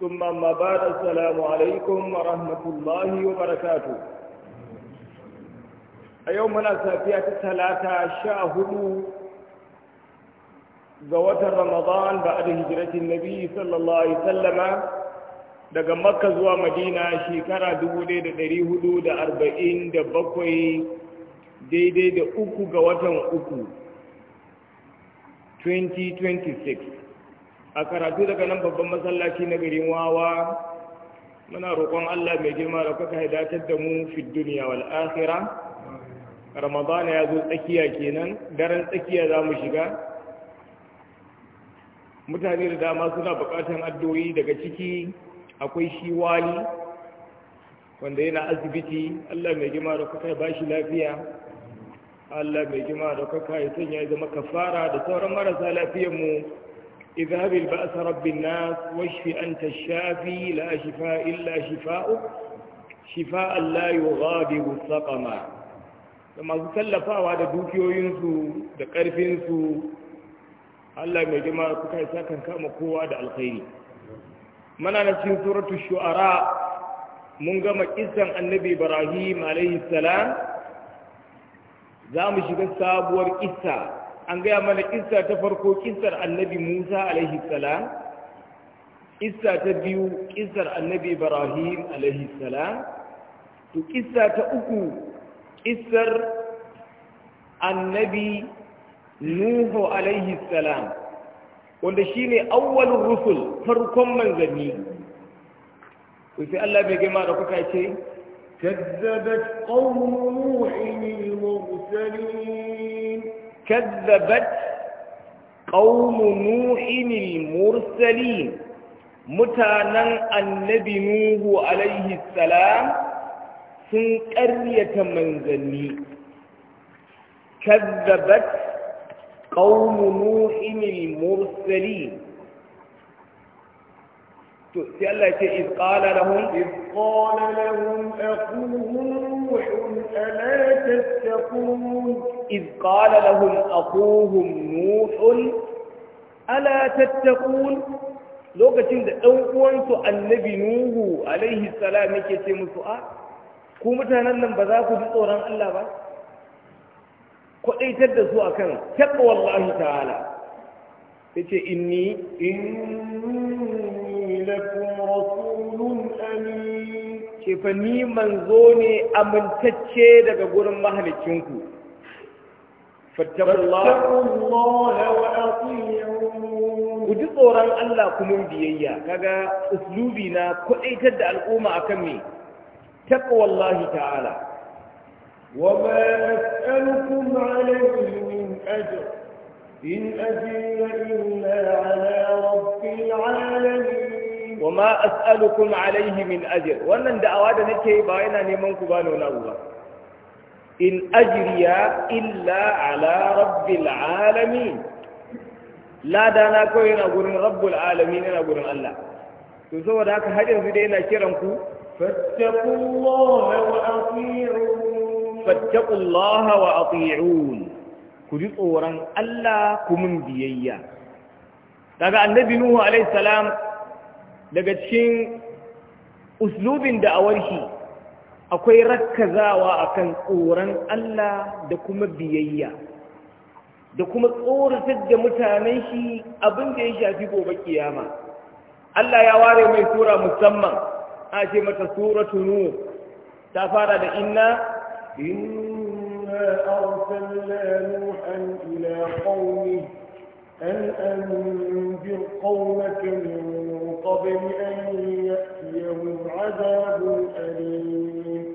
ثم أما بعد السلام عليكم ورحمة الله وبركاته يومنا سافية ثلاثة شاهدوا زوات رمضان بعد هجرة النبي صلى الله عليه وسلم daga makka zuwa madina shekara 1447 daidai da uku ga watan uku 2026 a karatu daga nan babban masallaci na garin wawa muna roƙon Allah mai girma da kuka hidatar da mu fi duniya wal akhira ramadan ya zo tsakiya kenan daren tsakiya za mu shiga mutane da dama suna buƙatar addu'o'i daga ciki akwai shi wali wanda yana asibiti Allah mai girma da kuka ba shi lafiya Allah mai girma da kuka ya sanya ya zama kafara da sauran marasa lafiyar mu اذهب البأس رب الناس واشف أنت الشافي لا شفاء إلا شفاءك شفاء لا يغادر سقما لما تكلفوا هذا دوكيو ينسو da ƙarfinsu Allah mai jama'a kuka yi sakan kama kowa da alkhairi Muna na cikin suratu shu'ara mun gama kisan annabi Ibrahim alaihi salam za mu shiga sabuwar kissa an gaya mana kissa ta farko kisar annabi musa alaihi salam kissa ta biyu kisar annabi ibrahim alaihi salam to kisa ta uku kisar annabi nuhu alaihi salam wanda shi ne awwalur rusul farkon manzanni sai Allah bai gama da kuka ce كذبت قوم نوح المرسلين كذبت قوم نوح المرسلين متانا النبي نوح عليه السلام سن قرية ذني كذبت قوم نوح المرسلين to sai Allah ce iz qala lahum iz qala lahum aquhum nuhun ala tattaqun iz qala lahum aquhum nuhun ala tattaqun lokacin da dan uwansu annabi nuhu alaihi salam yake ce musu a ku mutanen nan ba za ku ji tsoron Allah ba kwadaitar da su akan taqwallahi ta'ala ya ce inni inni lakum rasulun amin ce fa ni manzo ne amintacce daga gurin mahalicinku ku ji tsoron Allah kuma biyayya kaga uslubi na kudaitar da al'umma akan me taqwallahi ta'ala wa ma as'alukum alayhi min ajr إن أجل إلا على رب العالمين وما أسألكم عليه من أجر وأن دعوة نكي باينا نيمان كبانو نوبا إن أجري إلا على رب العالمين لا دانا كوين أقول رب العالمين أنا أقول الله تسوى ذاك هجر في دينا شرمكو فاتقوا الله وأطيعون فاتقوا الله وأطيعون ku ji tsoron Allah ku mun biyayya daga annabi nuhu alaihi salam daga cikin uslubin a shi akwai rakkazawa akan tsoron Allah da kuma biyayya da kuma tsoratar da mutanen shi abin da ya shafi gobe kiyama Allah ya ware mai tura musamman a ce mata suratu nuh ta fara da inna inna أرسلنا نوحا إلى قومه أن أنذر قومك من قبل أن يأتيهم عذاب أليم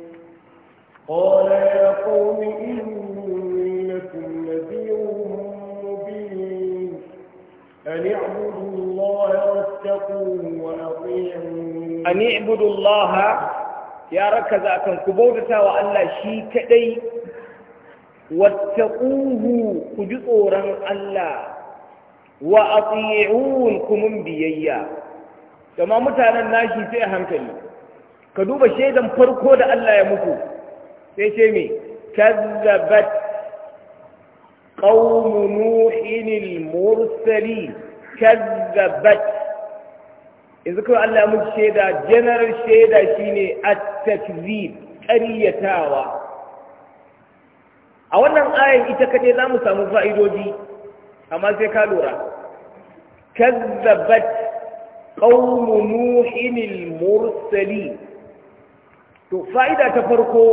قال يا قوم إني لكم نذير مبين أن اعبدوا الله واتقوه وأطيعون أن اعبدوا الله يا ركز أكن كبودة وألا شيء كدي wattaquhu ku ji tsoron Allah wa ati'un kumun biyayya Gama mutanen nashi sai a hankali ka duba shaidan farko da Allah ya muku sai ce me kazzabat qaumu nuhin al-mursali kazzabat yanzu kawai Allah ya shaida general shaida shine at-takzib ƙaryatawa a wannan ayan ita kaɗai za mu samu fa'idodi, amma sai ka lura kazzabat qaumu nuhin to fa'ida ta farko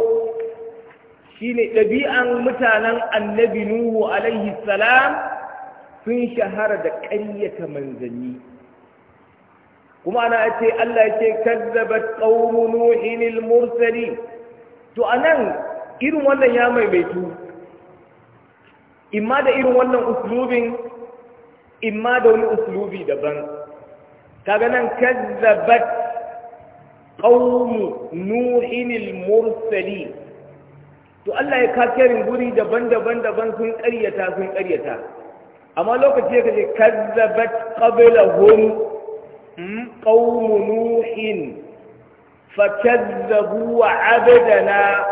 shine ɗabi'an mutanen annabi nuhu alaihi salam sun shahara da ƙayyata manzanni kuma ana ce Allah ce kazzabat qaumu nuhin al-mursalin to anan irin wannan ya maimaitu imma da irin wannan uslubin imma da wani uslubi daban kaga nan kazzabat qaumu nuhin al-mursali to Allah ya kakirin guri daban-daban daban sun ƙaryata sun ƙaryata amma lokaci ya kace kazzabat qablahum hmm, qaumu nuhin fakazzabu abadana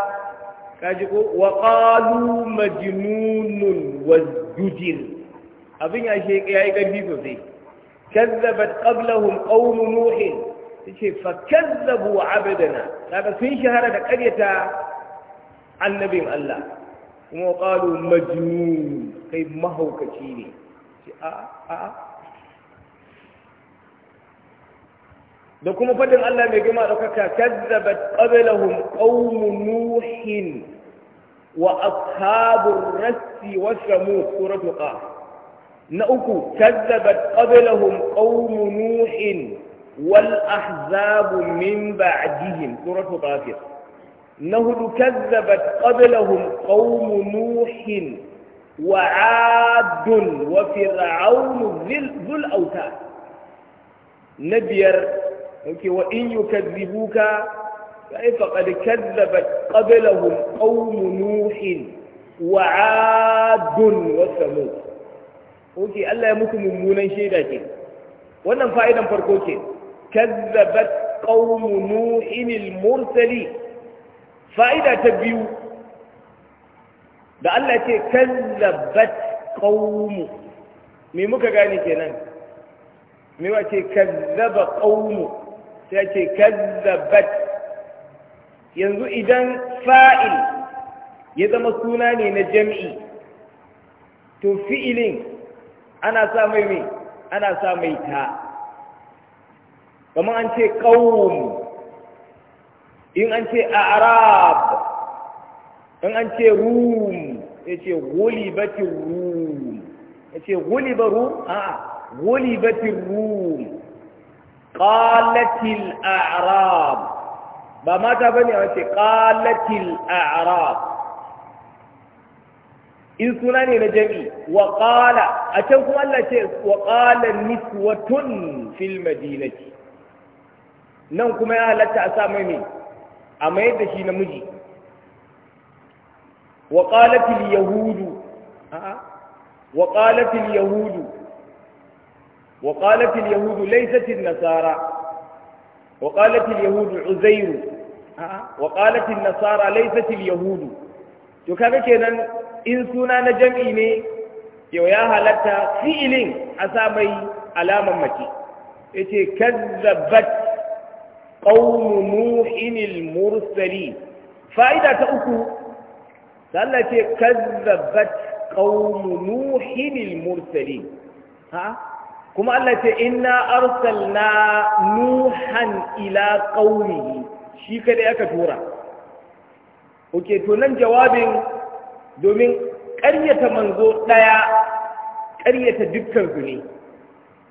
kaji ko wa qalu majnunun wazjujir abin ya shi yi karfi sosai kazzabat qablahum qaum nuh yace fa kazzabu abdana kaga sun shahara da karyata annabin Allah kuma qalu majnun kai mahaukaci ne a a da kuma fadin Allah mai gima daukaka kazzabat qablahum qaumu nuhin wa ashabur rassi wa samud suratu qaf na uku kazzabat qablahum qaumu nuhin wal ahzab min ba'dihim suratu qaf na hudu kazzabat qablahum qaumu nuhin wa 'adun wa fir'aun dhul awtad na biyar yake wa in yukazzibuka ai faqad kazzabat qablahum qawm nuh wa 'ad wa samud oke Allah ya muku mummunan shaida ke wannan fa'idan farko ke kazzabat qawm nuh al fa'ida ta biyu da Allah ce kazzabat qawm me muka gane kenan me ce kazzaba qawmu sai ce kazzabat yanzu idan fa'il ya zama suna ne na jam'i to fi'ilin ana sa mai mai ana sa mai ta kamar an ce ƙawun in an ce arab in an ce rum ya ce gulibatin rum ya ce gulibar rum a gulibatin rum qalatil a'rab ba mata bane a ce qalatil a'rab in suna ne na jami wa qala a can kuma Allah ce wa qala niswatun fil nan kuma ya halatta a a mayar da shi namiji yahudu وقالت اليهود ليست النصارى وقالت اليهود عزير وقالت النصارى ليست اليهود to kaga kenan in suna na jam'i ne yau ya halatta fi'ilin a sa mai alaman mace Ya yace kazzabat ƙaunu nuhin mursali fa'ida ta uku Allah ce kazzabat ƙaunu nuhin mursali ha kuma Allah ce inna arsalna nuhan ila qaumihi shi kadai aka tura oke to nan jawabin domin ƙaryata manzo ɗaya ƙaryata dukkan su ne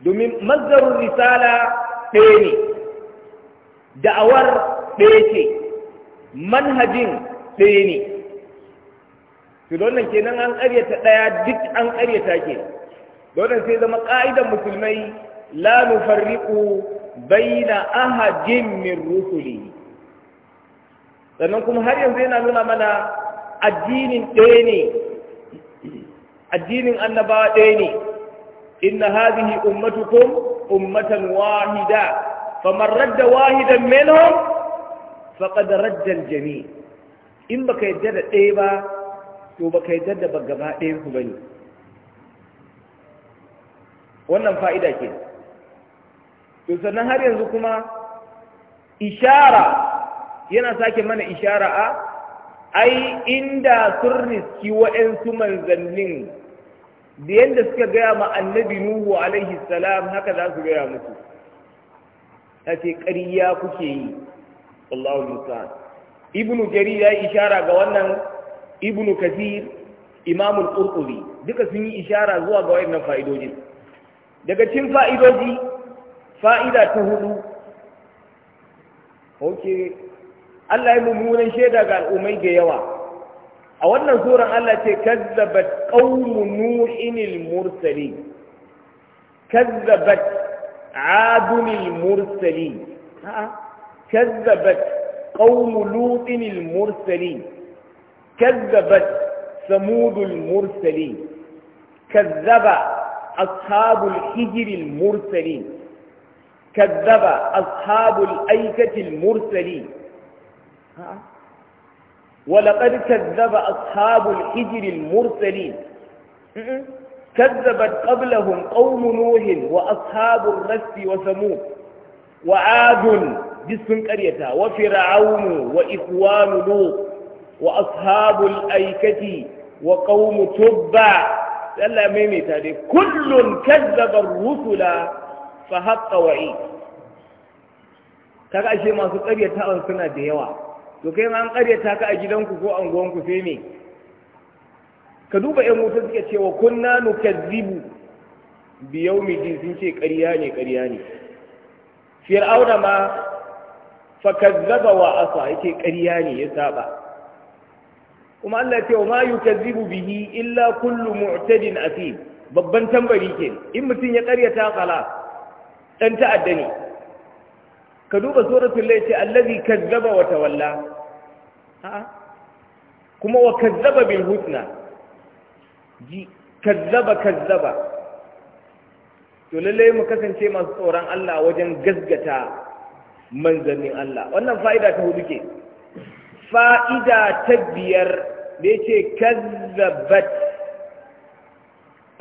domin mazdarun risala ɗaya ne da'awar ɗaya ce manhajin ɗaya ne to wannan kenan an ƙaryata ɗaya duk an ƙaryata ke. wannan sai zama ƙa'idan musulmai la nufarriqu baina ahadin min rusuli sannan kuma har yanzu yana nuna mana addinin ɗaya ne addinin annabawa ɗaya ne inna hadhihi ummatukum ummatan wahida faman radda wahidan minhum faqad radda al-jami' in baka yadda da ɗaya ba to baka yadda da gaba ɗayan ku bane wannan fa'ida ke to sannan har yanzu kuma ishara yana sake mana ishara a ai inda sun riski wa'yansu manzannin da yadda suka gaya ma annabi nuhu alaihi salam haka za su gaya musu ta ce kuke yi Allahu musa ibnu jari ya yi ishara ga wannan ibnu kasir imamul qurtubi duka sun yi ishara zuwa ga wayannan fa'idojin daga cikin fa'idoji fa'ida ta hudu ok Allah ya mummunan shaida ga al'ummai da yawa a wannan suran Allah ce kazzabat qaumu nuhin mursali kazzabat adun mursali kazzabat قوم لوط المرسلين kazzabat samudul mursali كذب أصحاب الحجر المرسلين كذب أصحاب الأيكة المرسلين ولقد كذب أصحاب الحجر المرسلين كذبت قبلهم قوم نوح وأصحاب الرس وثمود وعاد جسم قريتها وفرعون وإخوان لوط وأصحاب الأيكة وقوم تبع Allah ya maimaita dai kullun kazzaba rusula fa haqqa wa'i kaga ashe masu ƙaryatawan suna da yawa to kai ma an ƙaryata ka a gidanku ko anguwanku sai me ka duba ƴan wuta suke cewa kunna kazzibu bi yawmi sun ce ƙarya ne ƙarya ne fir'auna ma fa kazzaba wa asa yake ƙarya ne ya saba kuma Allah ce wa ma yukazzibu bihi illa kullu mu'tadin asim babban tambari ke in mutum ya karyata kala dan ta'adda ne ka duba suratul lay ce allazi kazzaba wa tawalla kuma wa kazzaba bil husna ji kazzaba kazzaba to lalle mu kasance masu tsoron Allah wajen gaskata manzannin Allah wannan fa'ida ta hudu ke fa'ida ta biyar da ce kazzabat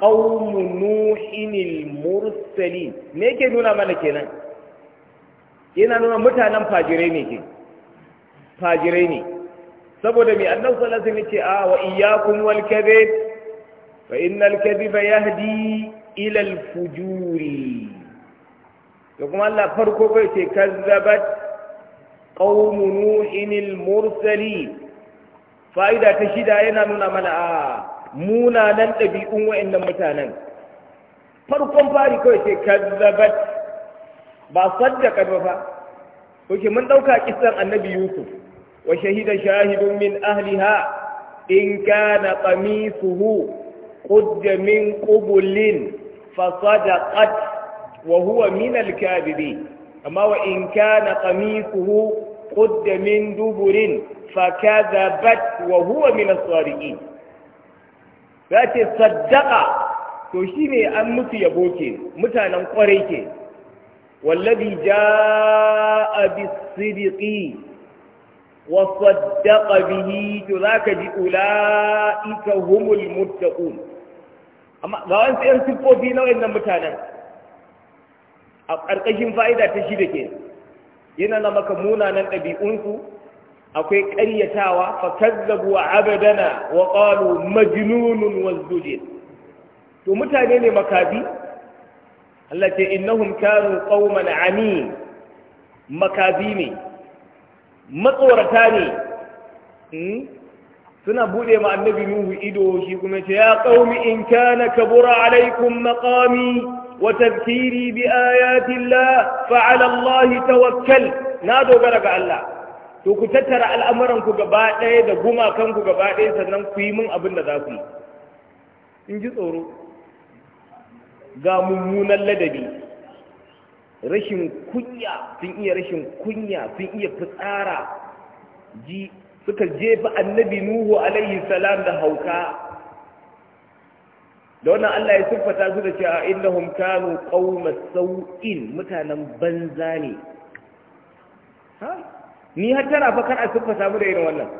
ƙaunu nuhinil mursali me ke nuna mana kenan yana nuna mutanen fajirai ne ke fajirai ne saboda mai annan salasa ne ce a wa iyakun walkabe fa innal kadhiba yahdi ila al-fujuri to kuma Allah farko bai ce kazzabat قوم نوح المرسلين فإذا تشد أين نونا منا مونا ننتبي أم وإن متانا farkon fari kawai ce kazzabat ba saddaka ba fa kuke mun ɗauka kisan annabi yusuf wa shahida shahidun min ahliha in kana qamisuhu qud min qublin fa sadaqat wa huwa min al-kadhibin amma wa in kana qamisuhu qudda min duburin fakadhabat wa huwa min as-sadiqin to ce saddaqa to an musu yabo ke mutanen kwarai ke wallazi jaa bi sidqi wa saddaqa bihi to ka ji ita humul muttaqun amma ga wani yan siffofi na mutanen a ƙarƙashin fa'ida ta shida ke yana na maka munanan ɗabi'unsu akwai ƙaryatawa fa kazzabu abadana wa qalu majnunun wazdujir to mutane ne makabi Allah ce innahum kanu qauman amin makabi ne matsorata ne hmm? suna bude ma annabi nuhu ido shi kuma ce ya qaumi in kana kabura alaikum maqami وتذكيري بآيات الله ta wakal. Na dogara ga Allah. to ku tattara al'amuranku gaba ɗaya da gumakan ku gaba ɗaya sannan ku yi min abin da za ku yi in ji tsoro ga mummunan ladabi rashin kunya sun iya rashin kunya sun iya fitsara ji suka jefa annabi nuhu alaihi da hauka da wannan Allah ya siffata su da cewa innahum kanu qauma sau'in mutanen banza ne ha ni har tana fa kar a siffata mu da irin wannan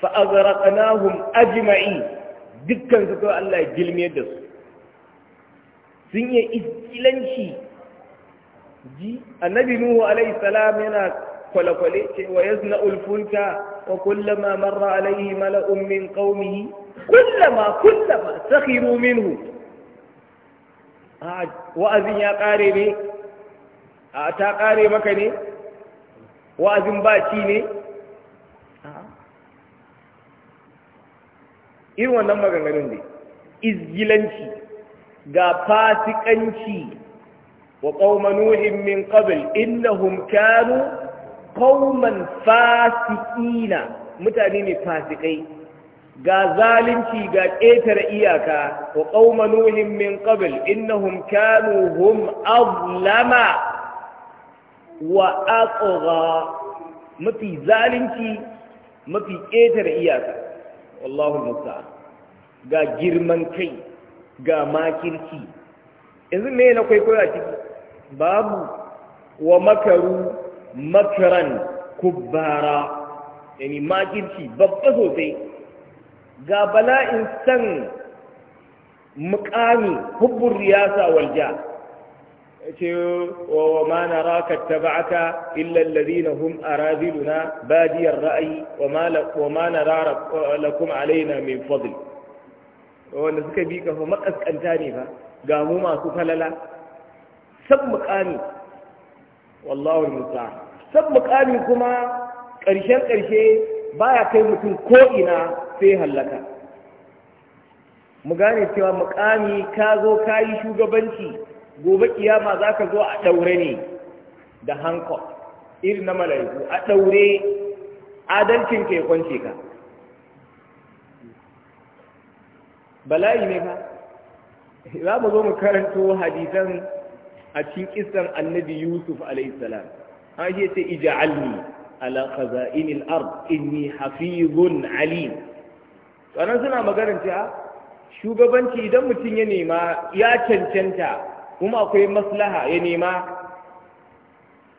fa aghraqnahum ajma'i dukkan su to Allah ya gilmiyar da su sun yi iskilanci ji annabi nuhu alaihi salam yana kwale-kwale ce wa yazna'ul fulka wa kullama marra alaihi mala'un min qaumihi kullama kullama sakhiru minhu a wa'azin ya kare ne a ta kare maka ne wa'azin baci ne irin wannan maganganun ne izgilanci ga fasikanci wa qauma min qabl innahum kanu qauman fasikina mutane ne fasikai ga zalunci ga ƙetare iyaka ko qauma nuhin min qabl innahum kanu hum azlama wa aqgha mafi zalunci mafi ƙetare iyaka wallahu musa ga girman kai ga makirci yanzu me na kwaikwayo a ciki babu wa makaru makaran kubbara yani makirci babba sosai ga bala'in san mukami hubbun riyasa walja ce wa ma na raka taba'aka illal ladina hum araziluna badiyar ra'ayi wa ma na rara lakum alaina min fadl wanda suka bi ka fa makaskanta ne ba. ga mu masu falala sab mukami wallahu Musa. sab mukami kuma ƙarshen ƙarshe baya kai mutum ko sai hallaka mu gane cewa mukami ka zo ka yi shugabanci gobe kiyama za ka zo a ɗaure ne da hankok irin na mala'iku a ɗaure adalcin ka ya kwance ka bala'i ne fa za mu zo mu karanto hadisan a cikin kisan annabi yusuf alaihissalam an ce ija'alni ala khaza'inil ard inni hafizun alim sannan suna maganar cewa shugabanci idan mutum ya nema ya cancanta kuma akwai maslaha ya nema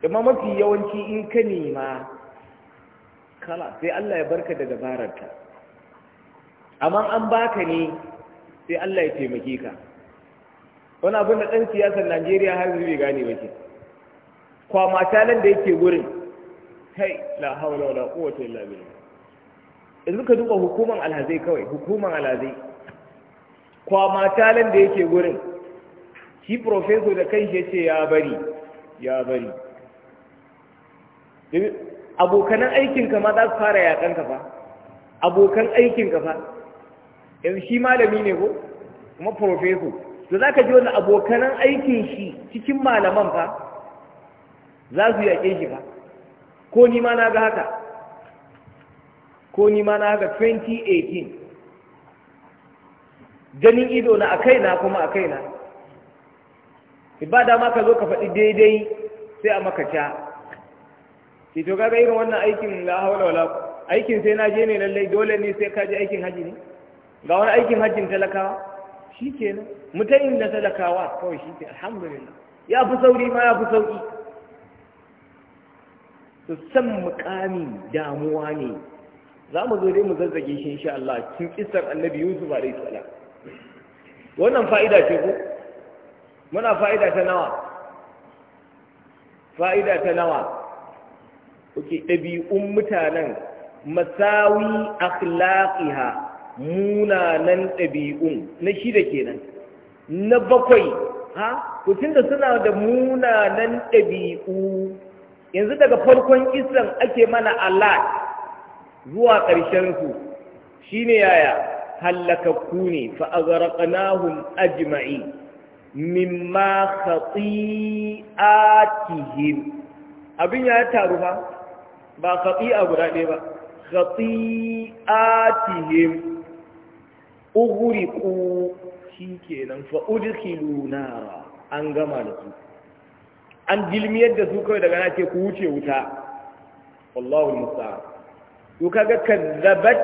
amma mafi yawanci in ka nema kala sai Allah ya barka da dabararka amma an baka ne sai Allah ya taimake ka wani abin da ɗan siyasar Najeriya har zai gane ba ke kwamata nan da yake gurin kai la hawla wala quwwata illa billah yanzu ka duba hukuman alhazai kawai hukuman alhazai kwama talan da yake wurin, shi profeso da kan shi ce ya bari ya bari abokanan aikinka ma za su fara yaƙan fa abokan aikinka fa yanzu shi malami ne ko kuma profeso Da za ka ji wani abokanan aikin shi cikin malaman fa za su yaƙe shi fa ko ni ma na ga haka ko ni ma na ga 2018 ganin ido na a kaina kuma a kaina ba dama ka zo ka faɗi daidai sai a maka ca ce to kaga irin wannan aikin la haula wala aikin sai na je ne lallai dole ne sai ka je aikin haji ne ga wani aikin hajjin talakawa shi ke nan, mutayin na talakawa kawai shi ke alhamdulillah ya fi sauri ma ya fi sauki to san mukami damuwa ne za mu zo dai mu zazzage shi insha Allah cikin kissar annabi Yusuf alaihi salam wannan fa'ida ce ko muna fa'ida ta nawa fa'ida ta nawa kuke ɗabi'un mutanen masawi akhlaqiha munanan ɗabi'un na shi da kenan na bakwai ha kucin da suna da munanan ɗabi'u yanzu daga farkon isan ake mana alat zuwa ƙarshen su shine yaya hallakakku ne fa aghraqnahum ajma'i mimma khati'atihim abin ya taru fa ba khati'a guda ɗaya ba khati'atihim ughriqu shikenan fa udkhilu nara an gama da su an jilmiyar da su kawai daga na ku wuce wuta wallahu musta'an to ga kazzabat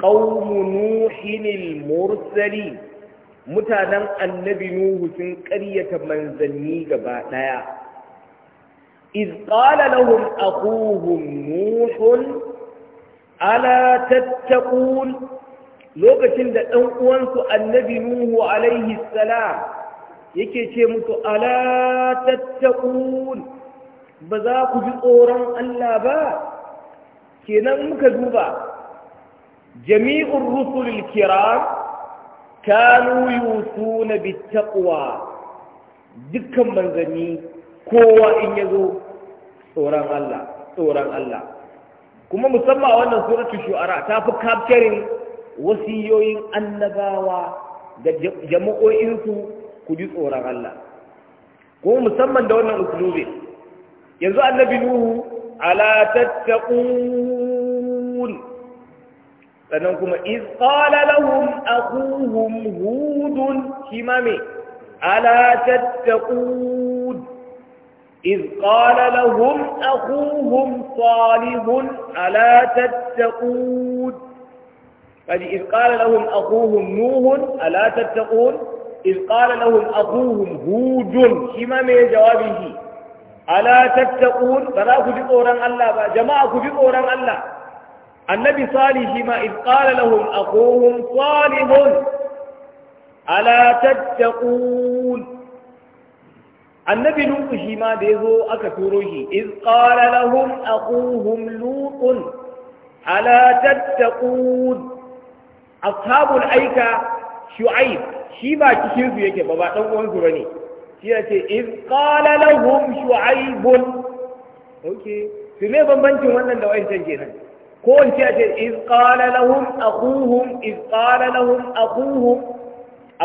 qaumu nuhin al mutanen annabi nuhu sun ƙaryata manzanni gaba ɗaya iz qala lahum aquhum nuhun ala tattaqun lokacin da ɗan uwansu annabi nuhu alaihi salam yake ce musu ala tattaqun ba za ku ji tsoron Allah ba kenan muka duba jami'ur rusulil kiram kanu yusuna bittaqwa dukkan manzanni kowa in yazo tsoron Allah tsoron Allah kuma musamman wannan suratul shu'ara ta fi capturing wasiyoyin annabawa da jama'o'insu ku ji tsoron Allah kuma musamman da wannan uslubi yanzu annabi nuhu ألا تتقون فنقوم إذ قال لهم أخوهم هود شمامي ألا تتقون إذ قال لهم أخوهم صالح ألا تتقون فإذ قال لهم أخوهم نوح ألا تتقون إذ قال لهم أخوهم هود شمامي جوابه ala tattaqun ba za ku ji tsoron Allah ba jama'a ku ji tsoron Allah annabi salihi ma iz qala lahum aquhum salihun ala tattaqun annabi nuhu shi ma da yazo aka turo shi iz qala lahum aquhum lutun ala tattaqun ashabul aika shu'aib shi ba cikin su yake ba ba dan uwan su bane ya ce in qala lahum shu'aibun okay to me bambancin wannan da wancan kenan ko wance ya ce in qala lahum akhuhum in qala lahum akhuhum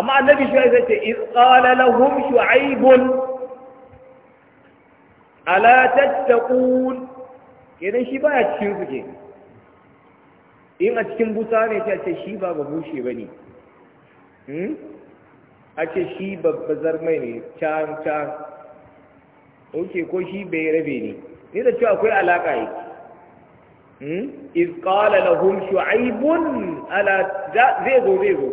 amma annabi shu'aib ya ce in qala lahum shu'aibun ala tattaqun kenan shi baya cikin su kenan in a cikin busa ne sai ce shi ba ba bushe ba ne hmm? a ce shi babbazar mai ne can can oke ko shi bai rabe ne ni da cewa akwai alaƙa yi hmm? iz qala lahum aibun? ala zai zo zai zo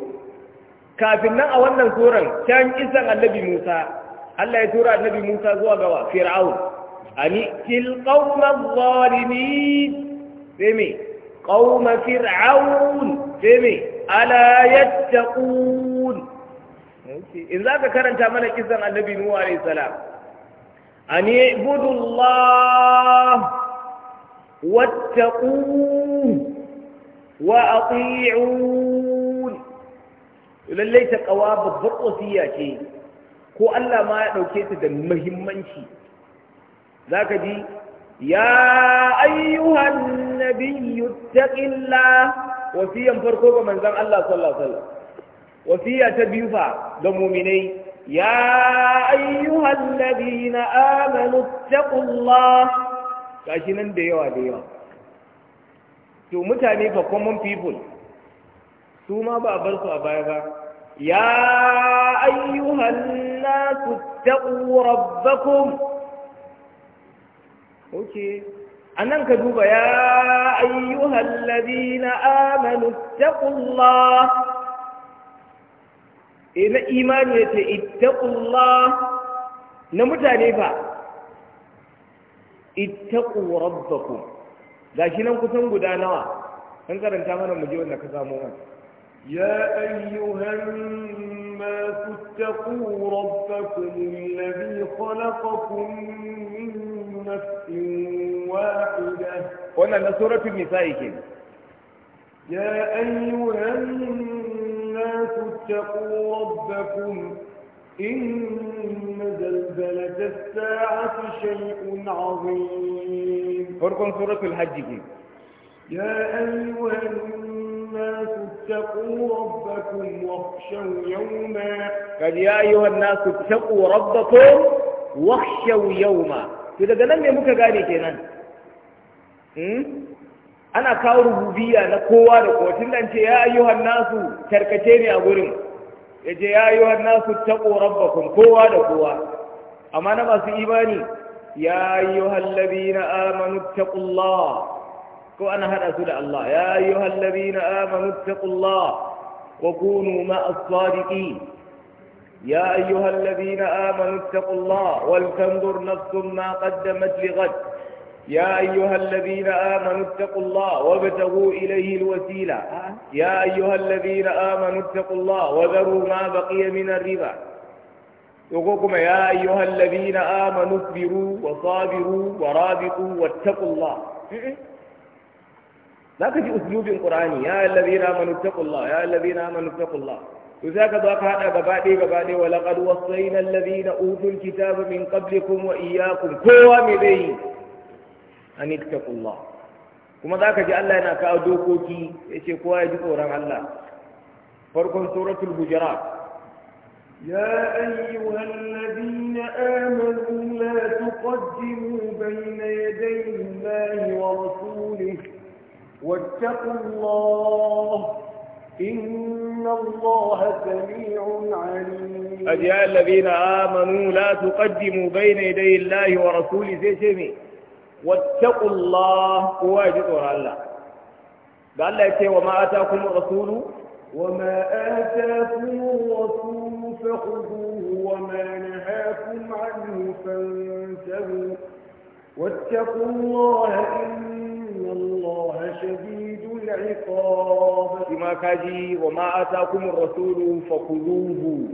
kafin nan a wannan turan can isan annabi Musa Allah ya tura annabi Musa zuwa gawa Fir'aun ani til ƙaunar zalimin sai me ƙaunar fir'aun sai mai ala ƙun in za ka karanta mana kisan annabi nuhu alaihi salam an ibudu Allah wattaqu wa ati'un lallai ta kawa babbar wasiya ce ko Allah ma ya dauke ta da muhimmanci zaka ji ya ayyuhan nabiyyu taqillah wasiyan farko ga manzon Allah sallallahu alaihi wasallam wasiya ta biyu fa ga muminai ya ayyuhal ladina amanu taqullah gashi nan da yawa da yawa to mutane fa common people su ma ba a bar su a baya ba ya ayyuhan nasu taqu rabbakum okay anan ka duba ya ayyuhan amanu eh na imani ya ce ittaqullah na mutane fa ittaqu rabbakum gashi nan kusan guda nawa an karanta mana mu je wanda ka samu wannan يا أيها الناس اتقوا ربكم الذي خلقكم من نفس واحدة قلنا سورة النساء يا أيها الناس الناس اتقوا ربكم إن زلزلة الساعة شيء عظيم فرقم سورة الحج كي يا أيها الناس اتقوا ربكم واخشوا يوما قال يا أيها الناس اتقوا ربكم واخشوا يوما كده ده لم يمك قالي كده ana kawo rububiya na kowa da kowa tun ce ya ayyuhan nasu tarkace ne a gurin ya ce ya ayyuhan nasu taqu rabbakum kowa da kowa amma na masu imani ya ayyuhal ladina amanu taqullah ko ana hada su da Allah ya ayyuhal ladina amanu taqullah wa kunu ma'as sadiqin يا أيها الذين آمنوا اتقوا الله ولتنظر نفس ما قدمت لغد يا أيها الذين آمنوا اتقوا الله وابتغوا إليه الوسيلة يا أيها الذين آمنوا اتقوا الله وذروا ما بقي من الربا يقولكم يا أيها الذين آمنوا اصبروا وصابروا ورابطوا واتقوا الله ذاك في أسلوب قرآني يا الذين آمنوا اتقوا الله يا الذين آمنوا اتقوا الله وذاك ذاك هذا ببعدي ببعدي ولقد وصينا الذين أوتوا الكتاب من قبلكم وإياكم كوا أن ittaqullah الله zaka ذاك Allah yana kawo dokoki yace kowa ya ji tsoron Allah farkon suratul يا أيها الذين آمنوا لا تقدموا بين يدي الله ورسوله واتقوا الله إن الله سميع عليم قد الذين آمنوا لا تقدموا بين يدي الله ورسوله زي شمي واتقوا الله هو يجدر الله قال لك وما آتاكم الرسول وما آتاكم الرسول فخذوه وما نهاكم عنه فانتهوا واتقوا الله إن الله شديد العقاب بما كاجي وما آتاكم الرسول فخذوه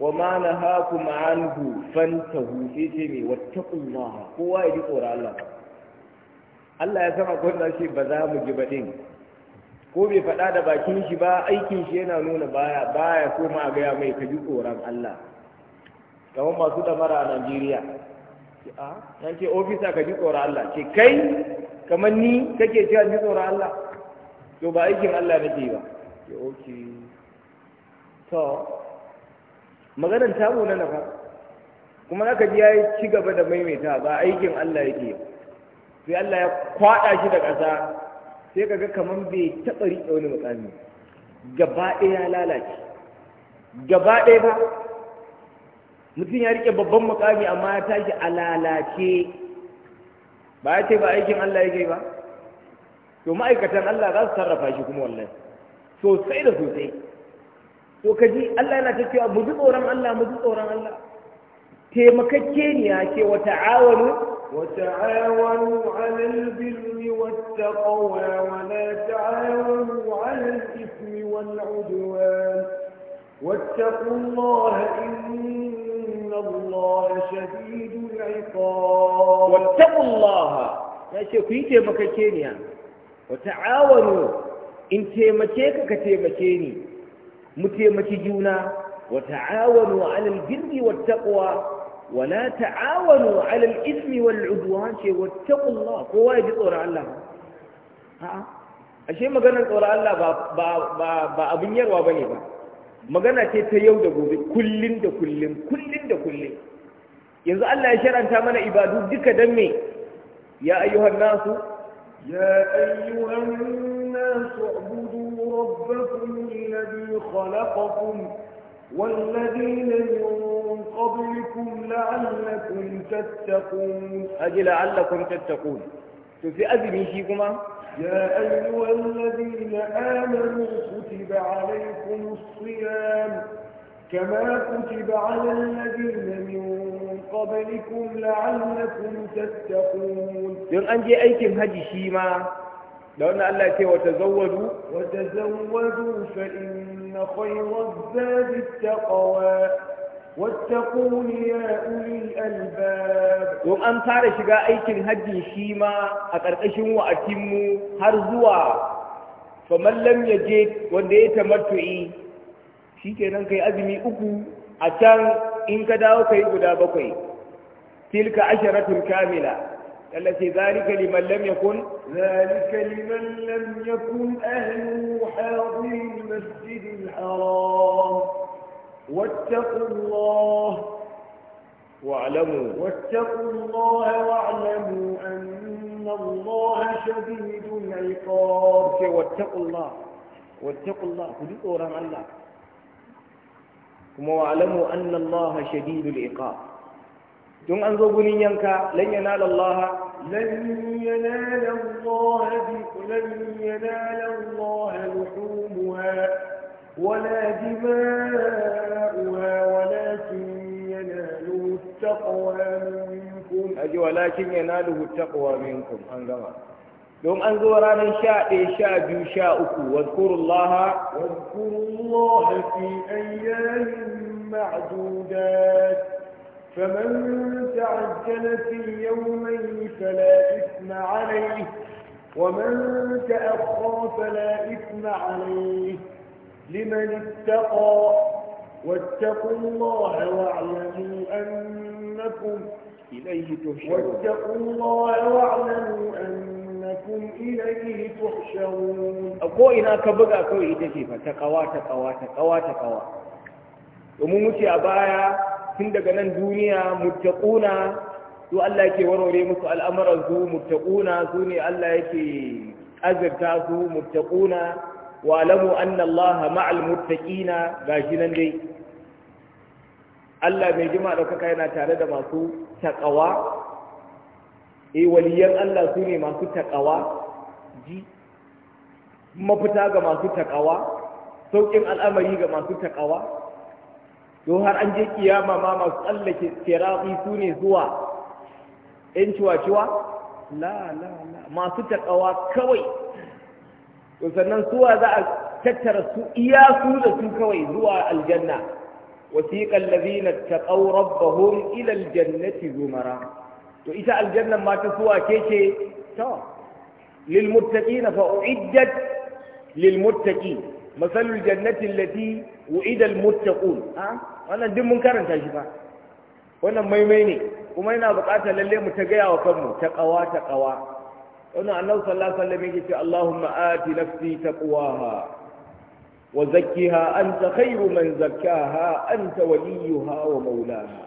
وما نهاكم عنه فانتهوا في جميع واتقوا الله هو يجدر الله Allah ya sama kwanda shi ba za mu ji baɗin ko bai faɗa da bakin shi ba aikin shi yana nuna baya baya koma a gaya mai ka ji tsoron Allah kamar masu mara a Najeriya a ah? yan ce ofisa ka ji tsoron Allah ce kai kamar ni kake cewa ji tsoron Allah to ba aikin Allah nake ba ce oke to maganar ta na nafa kuma aka ji ya ci gaba da maimaita ba aikin Allah yake ba sai Allah ya kwaɗa shi da ƙasa sai kaga kamar bai taɓa riƙe wani mukami gaba ɗaya ya lalace gaba ɗaya ba mutum ya riƙe babban mukami amma ya tashi a lalace ba ya ce ba aikin Allah yake ba to ma'aikatan Allah za su sarrafa shi kuma wallahi sosai da sosai to kaji Allah yana ta cewa mu ji tsoron Allah mu ji tsoron Allah taimakacce ne ya ce wa awanu وتعاونوا على البر والتقوى ولا تعاونوا على الإثم والعدوان واتقوا الله إن الله شديد العقاب واتقوا الله ya ce yi taimakake ni wa ta'awanu in taimake ka ka taimake ni mu taimaki juna wa ta'awanu alal ولا تعاونوا على الإثم والعدوان شيء واتقوا الله هو يجي طور الله ها أشي ما قلنا طور الله با با با أبني روا بني با ما قال قلنا تتيو دعوة كلن دكلن كلن دكلن ينزل الله أشر أن تمنا إبادو دك دمي يا أيها الناس يا أيها الناس اعبدوا ربكم الذي خلقكم والذين من قبلكم لعلكم تتقون أجل لعلكم تتقون في أذن شيكما يا أيها الذين آمنوا كتب عليكم الصيام كما كتب على الذين من قبلكم لعلكم تتقون يوم أنجي أيكم هجي شيما da wannan Allah ce wa tazawwadu wa tazawwadu fa inna khayra zadi taqwa wattaqun ya ulil albab don an fara shiga aikin hajjin shi ma a ƙarƙashin wa'atinmu har zuwa faman lam yaje wanda ya tamattu'i shikenan kai azumi uku a can in ka dawo kai guda bakwai tilka asharatun kamila التي ذلك لمن لم يكن ذلك لمن لم يكن أهل حاضر المسجد الحرام واتقوا الله واعلموا واتقوا الله واعلموا أن الله شديد العقاب واتقوا الله واتقوا الله كل أورام الله ثم واعلموا أن الله شديد العقاب دون أن زوجني ينكا لن ينال الله لن ينال الله لن ينال الله لحومها ولا دماؤها ولكن يناله التقوى منكم أجي ولكن يناله التقوى منكم أنزل أنظر أن زورانا شاء شاء جو شاء أكو واذكروا الله واذكروا الله في أيام معدودات فمن تعجل في يومين فلا إثم عليه ومن تأخر فلا إثم عليه لمن اتقى واتقوا الله واعلموا أنكم إليه تحشرون واتقوا الله واعلموا أنكم إليه تحشرون أقوى إنا كبقى كوي إتشفة تقوى تقوى تقوى تقوى وممتع بايا tun daga nan duniya mutaquna su Allah yake warware musu al'amuran su mutaquna su ne Allah yake azirta su mutaquna wa lamu anna Allah ma'al muttaqina gashi nan dai Allah mai jima kaka yana tare da masu taƙawa eh waliyan Allah su ne masu taƙawa ji mafita ga masu taƙawa Saukin al'amari ga masu taƙawa don har an je kiyama ma masu tsallake kirafi su ne zuwa in ciwa ciwa-ciwa? La, la, la, masu takawa kawai. To sannan suwa za a tattara su iya su da su kawai zuwa aljanna. Wasiƙan lazina taƙau rabbahum ilal jannati zumara. To ita aljannan ma ta suwa ke ce, ta, lilmuttaƙi na fa'u'iddat lilmuttaƙi. masalul jannati allati wu'ida almuttaqun a wannan duk mun karanta shi fa. wannan maimai ne kuma yana buƙatar lalle mu ta gaya wa kanmu ta ƙawa ta ƙawa wannan annabi sallallahu alaihi wasallam yake ce Allahumma ati nafsi taqwaha wa zakkiha anta khairu man zakkaha anta waliyuha wa maulaha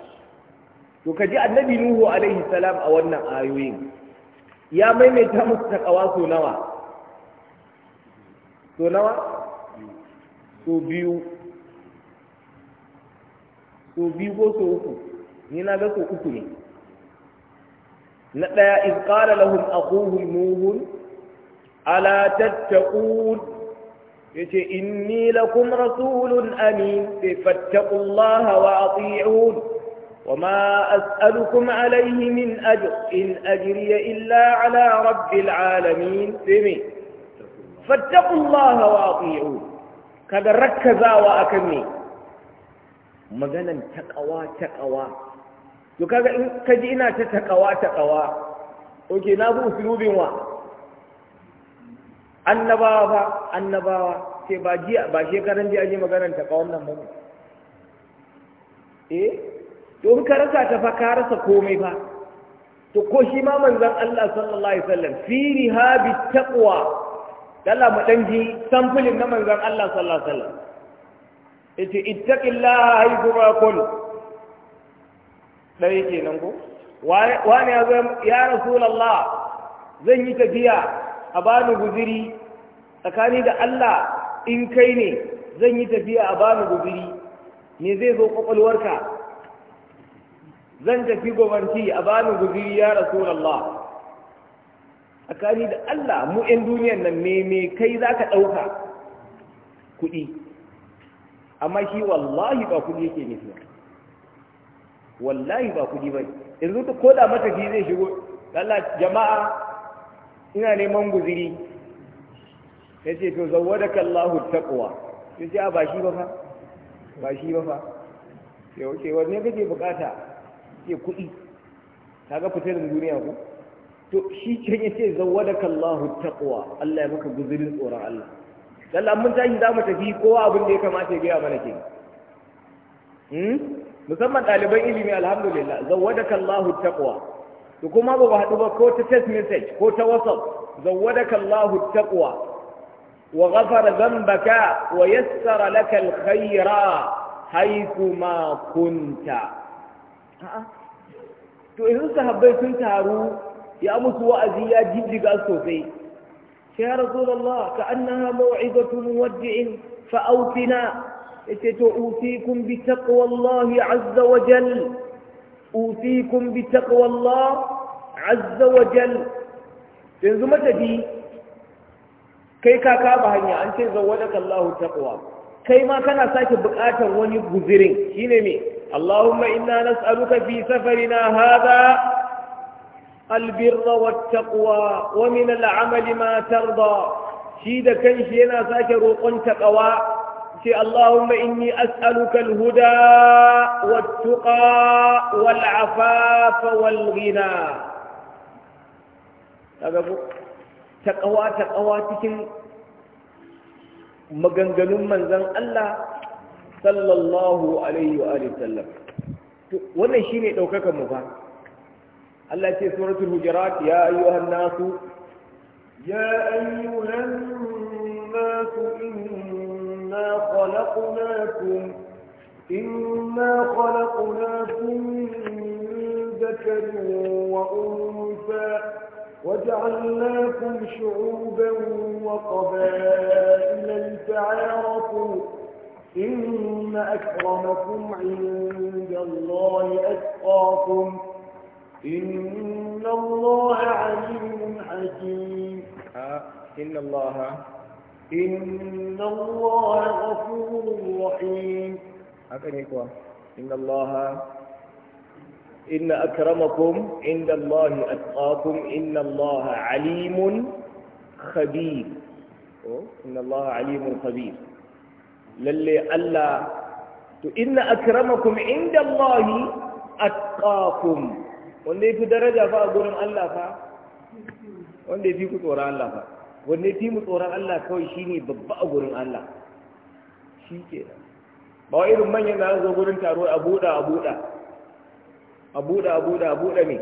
to kaji annabi nuhu alaihi salam a wannan ayoyin ya maimaita musu taqawa so nawa so nawa so biyu so biyu ko so uku ni na ga so uku ne na ɗaya iz qala lahum aquhum nuhun ala tattaqun yace inni lakum rasulun amin fattaqullaha wa ati'un وما أسألكم عليه من أجر إن أجري إلا على رب العالمين سمي فاتقوا الله وأطيعون kaga rakkazawa akan me maganan taqawa taqawa to kaga in kaji ina ta taqawa taqawa oke na bu usulubin wa annabawa ba annabawa sai ba jiya ba shekaran jiya ne maganan taqawan nan bane eh to in ka rasa ta fa ka rasa komai fa to ko shi ma manzon Allah sallallahu alaihi wasallam fi rihabit taqwa dalla mu dan ji samfulin na manzon Allah sallallahu alaihi wasallam yace ittaqillaha haythuma kun dai kenan ko wani ya zo ya rasulullah zan yi tafiya a bani guziri tsakani da Allah in kai ne zan yi tafiya a bani guziri me zai zo kwakwalwarka zan tafi gwamnati a bani guziri ya rasulullah tsakani da Allah mu 'yan duniyan nan me me kai za ka ɗauka kuɗi amma shi wallahi ba kuɗi yake nufi wallahi ba kuɗi ba yanzu ta koda matafi zai shigo Allah jama'a ina neman guziri ya ce to zawwadaka Allahu taqwa ya ce ba shi ba fa ba shi ba fa ya wuce wanne kake bukata ke kuɗi Ta ga fitar duniya ku. to shi can ya ce zawadaka Allahu taqwa Allah ya maka guzurin tsoron Allah lalla mun tashi za mu tafi kowa abin da ya kamata ya gaya mana ke hmm? musamman ɗaliban ilimi alhamdulillah zawadaka Allahu taqwa to kuma ba ba haɗu ba ko ta text message ko ta whatsapp zawadaka Allahu taqwa وغفر wa ويسر لك الخير حيثما كنت to idan sahabbai sun taru ya musu wa'azi ya jijjiga sosai ya rasulullah ka annaha maw'izatu muwaddi'in fa awfina yace to usikum bi taqwallahi azza wa jal usikum bi taqwallahi azza wa jal yanzu matafi kai ka hanya an ce zawwadaka Allahu taqwa kai ma kana sake bukatar wani guzirin shine me Allahumma inna nas'aluka fi safarina hadha albirra wattaqwa wa min al'amali ma tarda shi da kanshi yana sake roƙon taqawa sai allahumma inni as'aluka alhuda wattuqa wal afafa wal ghina kaga ku taqawa cikin maganganun manzon Allah sallallahu alaihi wa alihi sallam to wannan shine daukakan mu fa الله في سورة الهجرات يا أيها الناس يا أيها الناس إنا خلقناكم إنا خلقناكم من ذكر وأنثى وجعلناكم شعوبا وقبائل لتعارفوا إن أكرمكم عند الله أتقاكم إن الله عليم حكيم إن الله إن الله غفور رحيم أكرمكم إن الله إن أكرمكم عند الله أتقاكم إن الله عليم خبير إن الله عليم خبير للي ألا إن أكرمكم عند الله أتقاكم wanda ya fi daraja fa a gurin Allah fa wanda ya fi ku tsoron Allah fa wanda ya fi mu tsoron Allah kawai shi ne babba a gurin Allah shi ke ba wa irin manyan da zo gurin taro a buɗa a buɗa a buɗa a buɗa a buɗa ne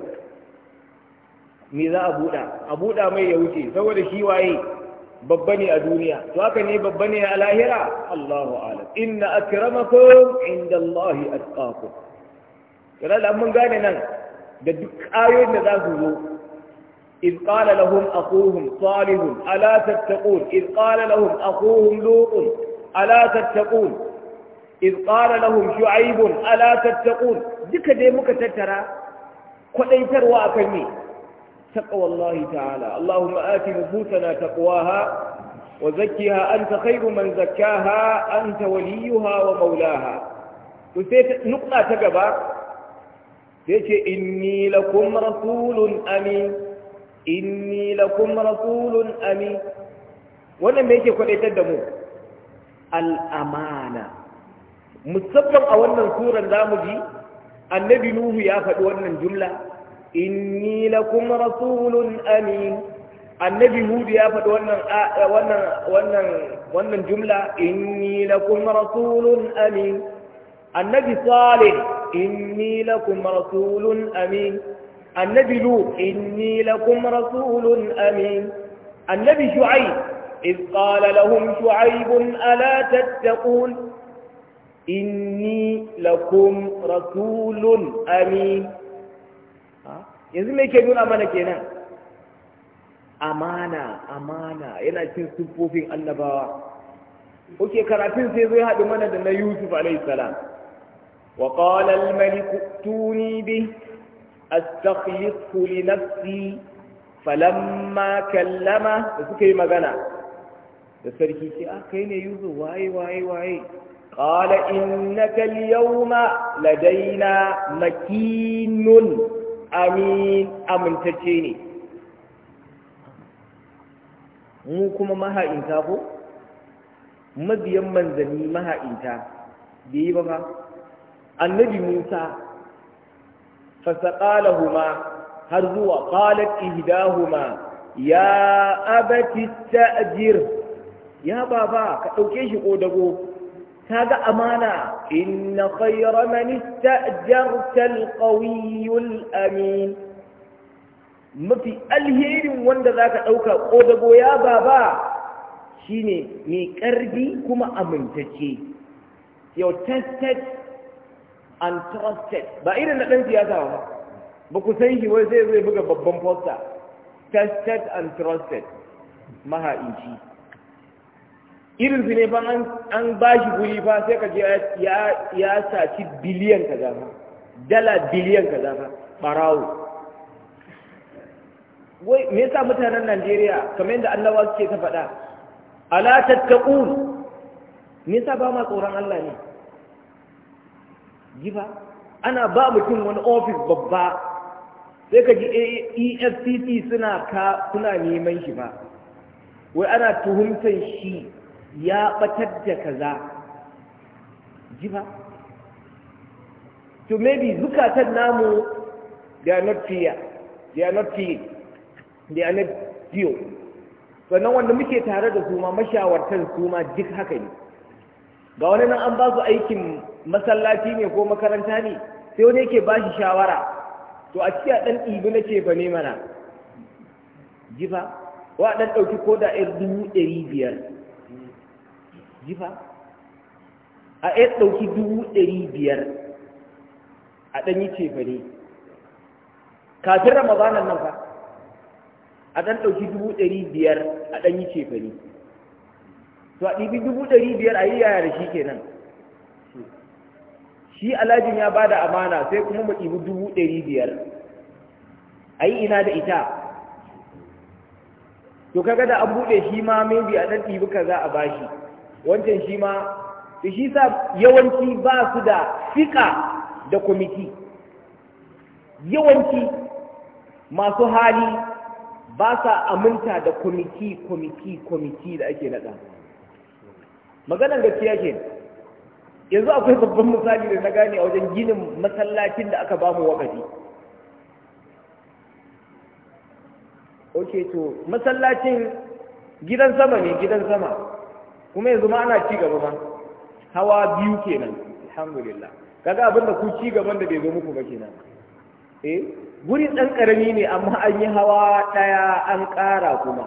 me za a buɗa a buɗa mai ya wuce saboda shi waye babba ne a duniya to haka ne babba ne a lahira Allahu a'lam inna akramakum inda Allahi atqakum kada mun gane nan da duk ayoyin da za su zo إذ قال لهم أخوهم صالح ألا تتقون إذ قال لهم أخوهم لوط ألا تتقون إذ قال لهم شعيب ألا تتقون ذكا دي مكتترى كلين تروى أكمي تقوى الله تعالى اللهم آت نفوسنا تقواها وزكها أنت خير من زكاها أنت وليها ومولاها نقطة تقبع sai ce inni lakum rasulun amin inni lakum rasulun amin wannan me yake kwadaitar da mu al'amana musamman a wannan suran zamu ji annabi nuhu ya faɗi wannan jumla inni lakum rasulun amin annabi hudu ya faɗi wannan wannan wannan wannan jumla inni lakum rasulun amin النبي صالح إني لكم رسول أمين النبي لوط إني لكم رسول أمين النبي شعيب إذ قال لهم شعيب ألا تتقون إني لكم رسول أمين يزمي كيدون أمانة كينا أمانة أمانة ينا تنسفو في النبوة أوكي كرافين سيزيها دمانة دمنا يوسف عليه السلام وقال الملك ائتوني به استخلصه لنفسي فلما كلمه da suka yi magana da sarki ce kai ne yuzu waye waye waye قال انك اليوم لدينا مكين امين امنتace ne mu kuma maha'inta ko mabiyan manzanni maha'inta bai yi ba النبي موسى فسقى لهما هرزوا قالت إهداهما يا أبت التأجر يا بابا كأوكيش قودكو كاقا أمانا إن خير من استأجرت القوي الأمين مفي الهير وند ذاك أوكا قودكو يا بابا شيني مي كربي كما أمن تشي يو تستت untrusted ba irin na ɗan siyasa ba ba ku san shi wai zai zai buga babban posta tested and trusted maha'inci irin su ne fa an ba shi guri fa sai ka je ya saci biliyan kaza fa dala biliyan kaza fa barawo wai me yasa mutanen Najeriya kamar yadda annabawa suke ta faɗa ala tattaqun me yasa ba ma tsoron Allah ne gifa ana ba mutum wani ofis babba sai ka ji efcc suna ka suna neman shi ba wai ana tuhumtar shi ya batar da kaza gifa to maybe zukatan namu they are not fear they are not fear they are not fear sannan wanda muke tare da su ma mashawartan su ma duk haka ne ga wani nan an ba su aikin masallaci ne ko makaranta ne sai wani yake ba shi shawara to a ciki a ɗan ɗibi na ce ba ne mana jifa wa ɗan ɗauki ko da ɗan dubu ɗari biyar jifa a ɗan ɗauki dubu ɗari biyar a ɗan yi ce ba ne kafin ramadanan nan fa a ɗan ɗauki dubu ɗari biyar a ɗan yi ce ba ne to a ɗibi dubu ɗari biyar a yi yaya da shi kenan shi alhajin ya bada amana sai kuma mu ɗibi dubu ɗari biyar a yi ina da ita to kaga da an buɗe shi ma maybe a ɗan ɗibi za a bashi wancan shi ma da shi sa yawanci ba su da fika da kwamiti yawanci masu hali ba sa aminta da kwamiti kwamiti kwamiti da ake naɗa maganan gaskiya ke yanzu akwai babban misali da na gane a wajen ginin masallacin da aka bamu wakati ok to masallacin gidan sama ne gidan sama kuma yanzu ma ana ci gaba ma hawa biyu kenan alhamdulillah kaga abin da ku ci gaban da bai zo muku ba kenan eh guri dan karami ne amma an yi hawa daya an ƙara kuma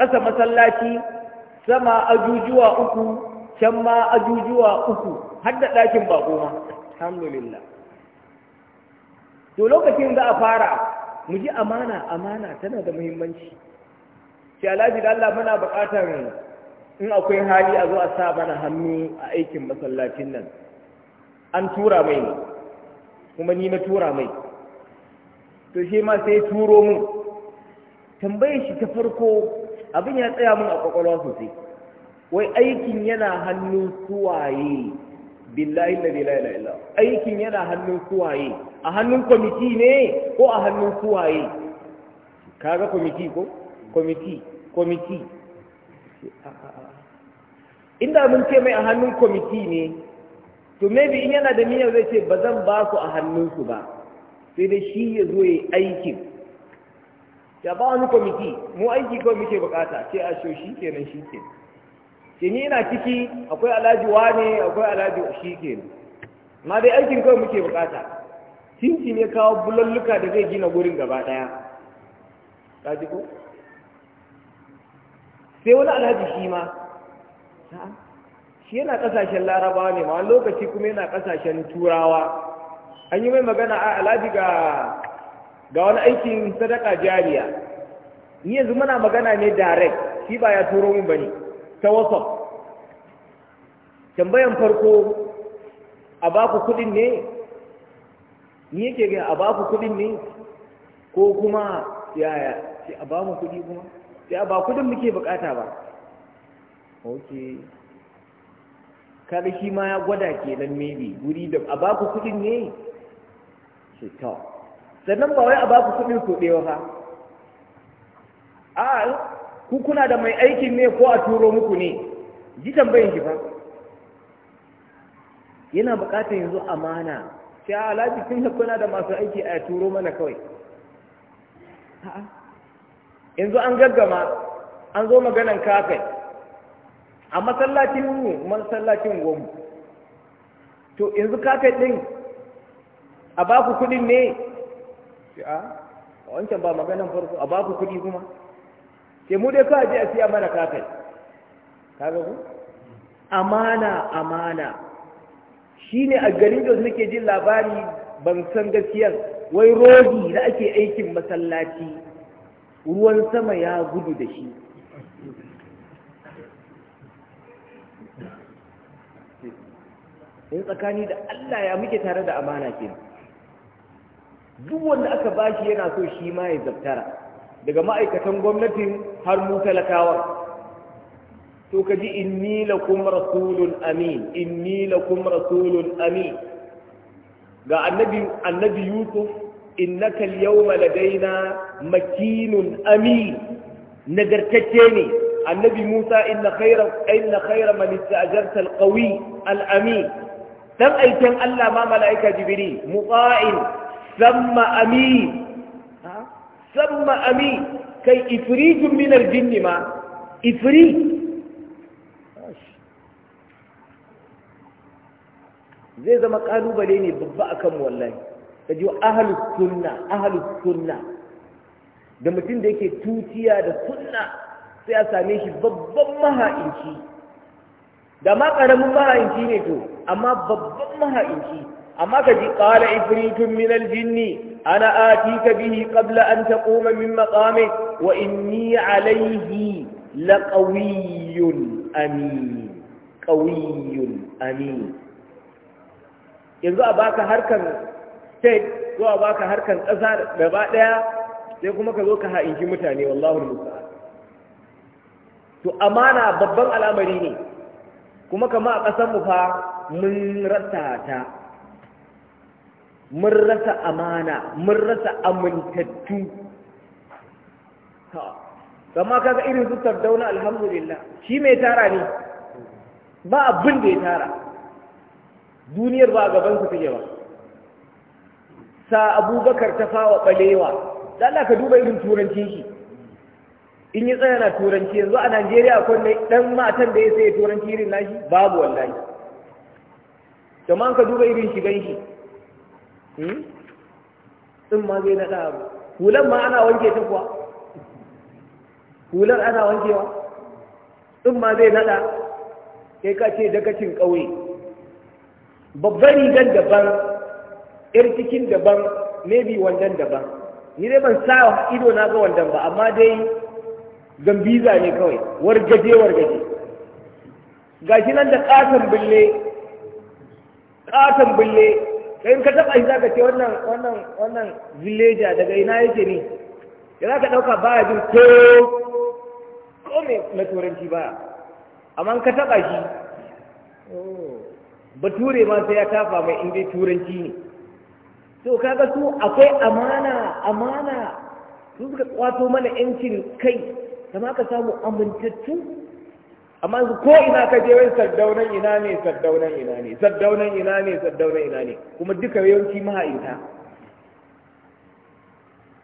ƙasa masallaci sama ajujuwa uku can ma ajujuwa uku har da ɗakin bako ma alhamdulillah to lokacin za a fara mu ji amana amana tana da muhimmanci shi alaji da Allah muna buƙatar in akwai hali a zo a sa mana hannu a aikin masallacin nan an tura mai kuma ni na tura mai to shi ma sai turo mu Tambayar shi ta farko abin ya tsaya mun a kwakwalwa sosai wai aikin yana hannun suwaye billahi la ilaha illa aikin yana hannun suwaye a hannun kwamiti ne ko a hannun suwaye kaga kwamiti ko kwamiti kwamiti inda mun ce mai a hannun kwamiti ne to maybe in yana da niyyar zai ce ba zan ba su a hannunsu ba sai dai shi ya zo ya aikin ya ba wani kwamiti mu aiki kawai muke bukata ce a sho shi kenan shi ke ce ni ina ciki akwai alhaji wane akwai alhaji shi ke ma dai aikin kawai muke bukata tinki ne kawo bulalluka da zai gina gurin gaba daya ka ji ko sai wani alhaji shi ma shi yana kasashen larabawa ne ma wani lokaci kuma yana kasashen turawa an yi mai magana a alhaji ga ga wani aikin sadaka jariya ni yanzu muna magana ne direct shi ba ya turo min bane ta wasan tambayan farko a baku kudin ne ni yake ga a baku kudin ne ko kuma yaya sai a ba mu kudi kuma sai a ba kudin muke bukata ba okay kada shi ma ya gwada kenan maybe guri da a baku kudin ne shi sannan ba wai a ba ku kuɗin ɗewa ha. a ku kuna da mai aikin ne ko a turo muku ne ji tambayin ki fa yana buƙatar yanzu amana sai a alaji tun da kuna da masu aiki a turo mana kawai yanzu an gaggama an zo maganan kafai a masallacin mu masallacin gomu to yanzu kafet ɗin a baku kuɗin ne ce a ah, wancan ba maganan farko a baku kuɗi kuma ke mu dai kawai je a siya mana kafin kaga ku amana amana shine a garin da nake jin labari ban san gaskiyar wai rodi da ake aikin masallaci ruwan sama ya gudu da shi in eh, tsakani da Allah ya muke tare da amana kenan duk wanda aka bashi yana so shi ma ya zaftara daga ma'aikatan gwamnatin har mu talakawa to ka ji inni lakum rasulun amin inni lakum rasulun amin ga annabi yusuf innaka al-yawma makinun amin nagartacce ne annabi musa inna khayra inna man ista'jarta al al-amin dan aikin Allah ma mala'ika jibril muqa'in samma ami samma ami kai ifritun minar jinni ma ifri zai zama kalubale ne babba akan wallahi ka ji sunna ahalus sunna da mutum da yake tutiya da sunna sai a same shi babban maha'inci da ma karamin maha'inci ne to amma babban maha'inci amma ka ji qala ifritun min aljinni ana ka bihi qabla an taquma min maqami wa inni alayhi laqawiyyun amin qawiyyun amin yanzu a baka harkan state ko a baka harkan ƙasa gaba ɗaya sai kuma ka zo ka ha'inci mutane wallahu musta'an to amana babban al'amari ne kuma kama a ƙasar mu fa mun rasa ta mun rasa amana mun rasa amintattu kama kaga irin su dauna? alhamdulillah shi mai tara ne ba abin da ya tara duniyar ba a gaban su take ba sa abubakar ta fawa balewa lalla ka duba irin turancin shi in yi tsaya na turanci yanzu a najeriya akwai dan matan da ya sai turanci irin nashi babu wallahi kamar ka duba irin shigan shi Hmm? in ma zai naɗa abu hular ma ana wanke ta kuwa hular ana wankewa in ma zai naɗa kai ka ce dakacin ƙauye babban rigar daban ƴar cikin daban maybe wandan daban ni dai ban sa ido na ga wandan ba amma dai gambiza ne kawai wargaje wargaje gashi nan da ƙaton bille ƙaton bille in ka taba shi zaka ce wannan wannan wannan villager daga ina yake ne ya ka dauka baya jin ko ko me na turanci ba amma ka taba shi oh, bature ma sai ya tafa mai inda turanci ne to kaga su akwai amana amana su suka kwato mana yancin kai kama ka samu amintattu amma ko ina ka je wai saddaunan ina ne saddaunan ina ne saddaunan ina ne saddaunan ina ne kuma duka yawanci maha'ita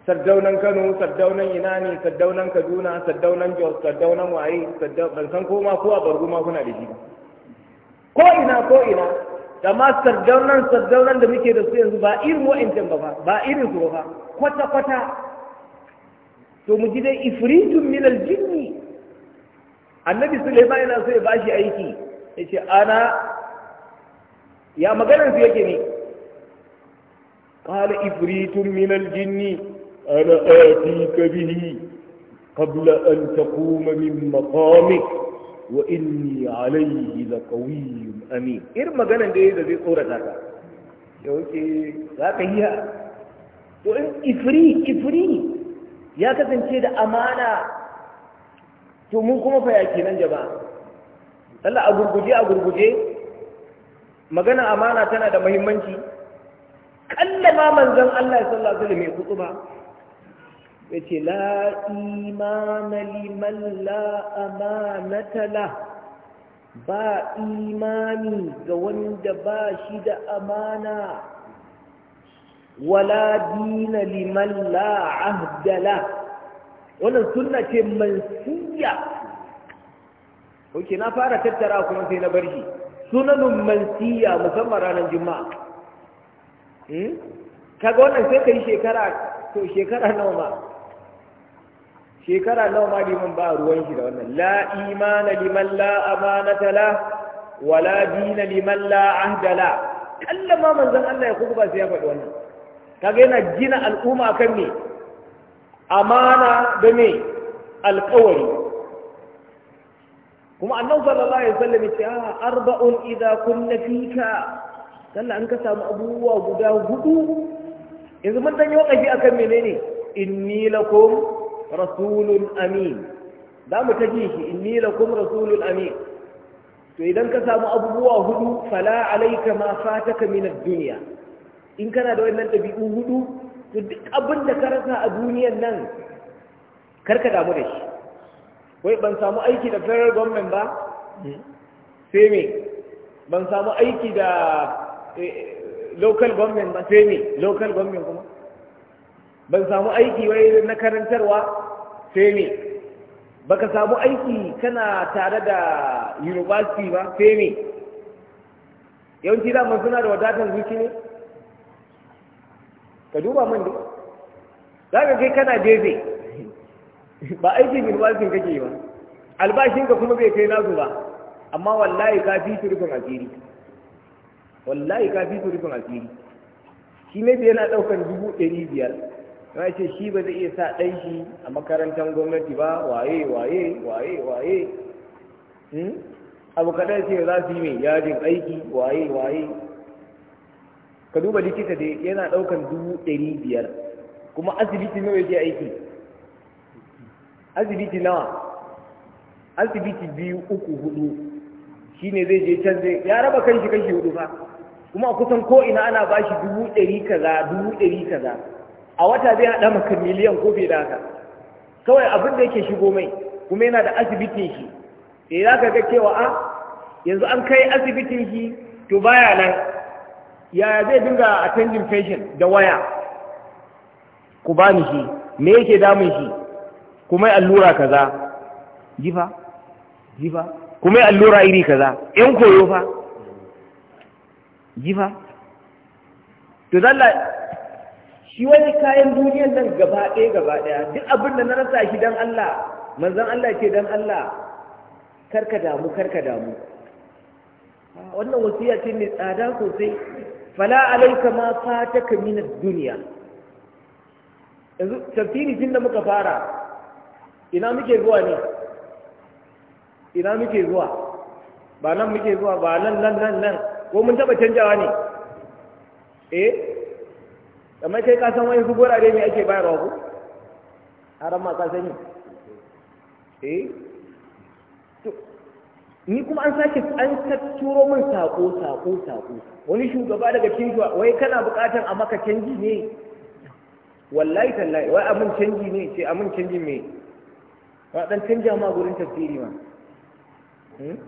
saddaunan kano saddaunan ina ne saddaunan kaduna saddaunan jos saddaunan waye ban san koma ko a ma kuna da shi ko ina ko ina amma saddaunan saddaunan da muke da su yanzu ba irin wa'ancan ba ba irin su ba kwata kwata to mu ji dai ifritun min aljinn annabi suleiman yana so ya ba shi aiki yace ana ya maganar su yake ne qala ifritun min aljinni ana ati ka bihi qabla an taquma min maqamik wa inni alayhi laqawiyyun amin ir maganar da yake zai tsora ta ka wuce za ka yi to in ifri ifri ya kasance da amana to mun kuma fa yake nan jama'a Allah a gurguje a gurguje magana amana tana da muhimmanci kallama manzon Allah sallallahu alaihi wasallam ya kutsu ba yace la imana liman la amanata la ba imani ga wanda ba shi da amana wala dina liman la ahdala wannan sunna ce mansiya oke na fara tattara kuma sai na barshi sunanun mansiya musamman ranar juma'a hmm? kaga wannan sai ka yi shekara to shekara nawa ma shekara nawa ma liman ba ruwan shi da wannan la imana liman la amanata la wala dina liman la ahdala. la kallama manzon Allah ya kuku ba sai ya faɗi wannan kaga yana gina al'umma kan me amana da me alkawari kuma annan sallallahu alaihi wasallam ce a ah, arba'un idza kunna fika Sallan an ka samu abubuwa guda hudu yanzu mun dan yi wakafi akan menene inni lakum rasulun amin da mu taji shi inni lakum rasulun amin to idan ka samu abubuwa hudu fala alayka ma fataka min ad-dunya in kana da wannan dabi'u hudu to duk abin da ka rasa a duniyan nan karka damu da shi wai ban samu aiki da federal government ba sai me ban samu aiki da eh, local government ba sai me local government kuma ban samu aiki wai na karantarwa sai me baka samu aiki kana tare da university ba sai me yawanci damar suna da wadatar zuci ne ka duba man duk za ka kai kana bebe ba aiki aikin university kake yi ba Albashin ka kuma bai kai nasu ba amma wallahi ka fi su rufin asiri wallahi ka fi su rufin asiri shi ne da yana ɗaukan dubu ɗari biyar na ce shi ba zai iya sa ɗan shi a makarantar gwamnati ba waye waye waye waye hmm? abu kaɗai ce za su yi mai yajin aiki waye waye ka duba likita da yana ɗaukan dubu ɗari biyar kuma asibiti nawa yake aiki asibiti nawa asibiti biyu uku hudu shine zai je can zai ya raba kanshi kashi hudu fa kuma a kusan ko ina ana bashi dubu ɗari kaza dubu ɗari kaza a wata zai haɗa maka miliyan ko fiye da haka kawai abin da yake shigo mai kuma yana da asibitin shi sai eh, za ka ga cewa a ah, yanzu an kai asibitin shi to baya nan yaya zai dinga attending patient da waya ku ba ni shi me yake damun shi kuma allura kaza jifa jifa kuma allura iri kaza yan koyo fa jifa to zalla shi wani kayan duniyar nan gaba ɗaya gaba ɗaya duk abin da na rasa shi dan Allah manzon Allah ce dan Allah karka damu karka damu wannan wasiya ce ne tsada sosai fala alaika ma fataka min ad-dunya yanzu tafsiri tun da muka fara ina muke zuwa ne ina muke zuwa ba nan muke zuwa ba nan nan nan nan ko mun taba canjawa ne eh Kamar kai ka san wani gurare ne ake bayarwa ko haram ma ka sani eh ni kuma an sake an turo min sako sako sako wani shugaba daga cikin wai kana buƙatar a maka canji ne wallahi tallahi wai amin canji ne ce amin canji me wa dan canja ma gurin tafsiri ma hmm?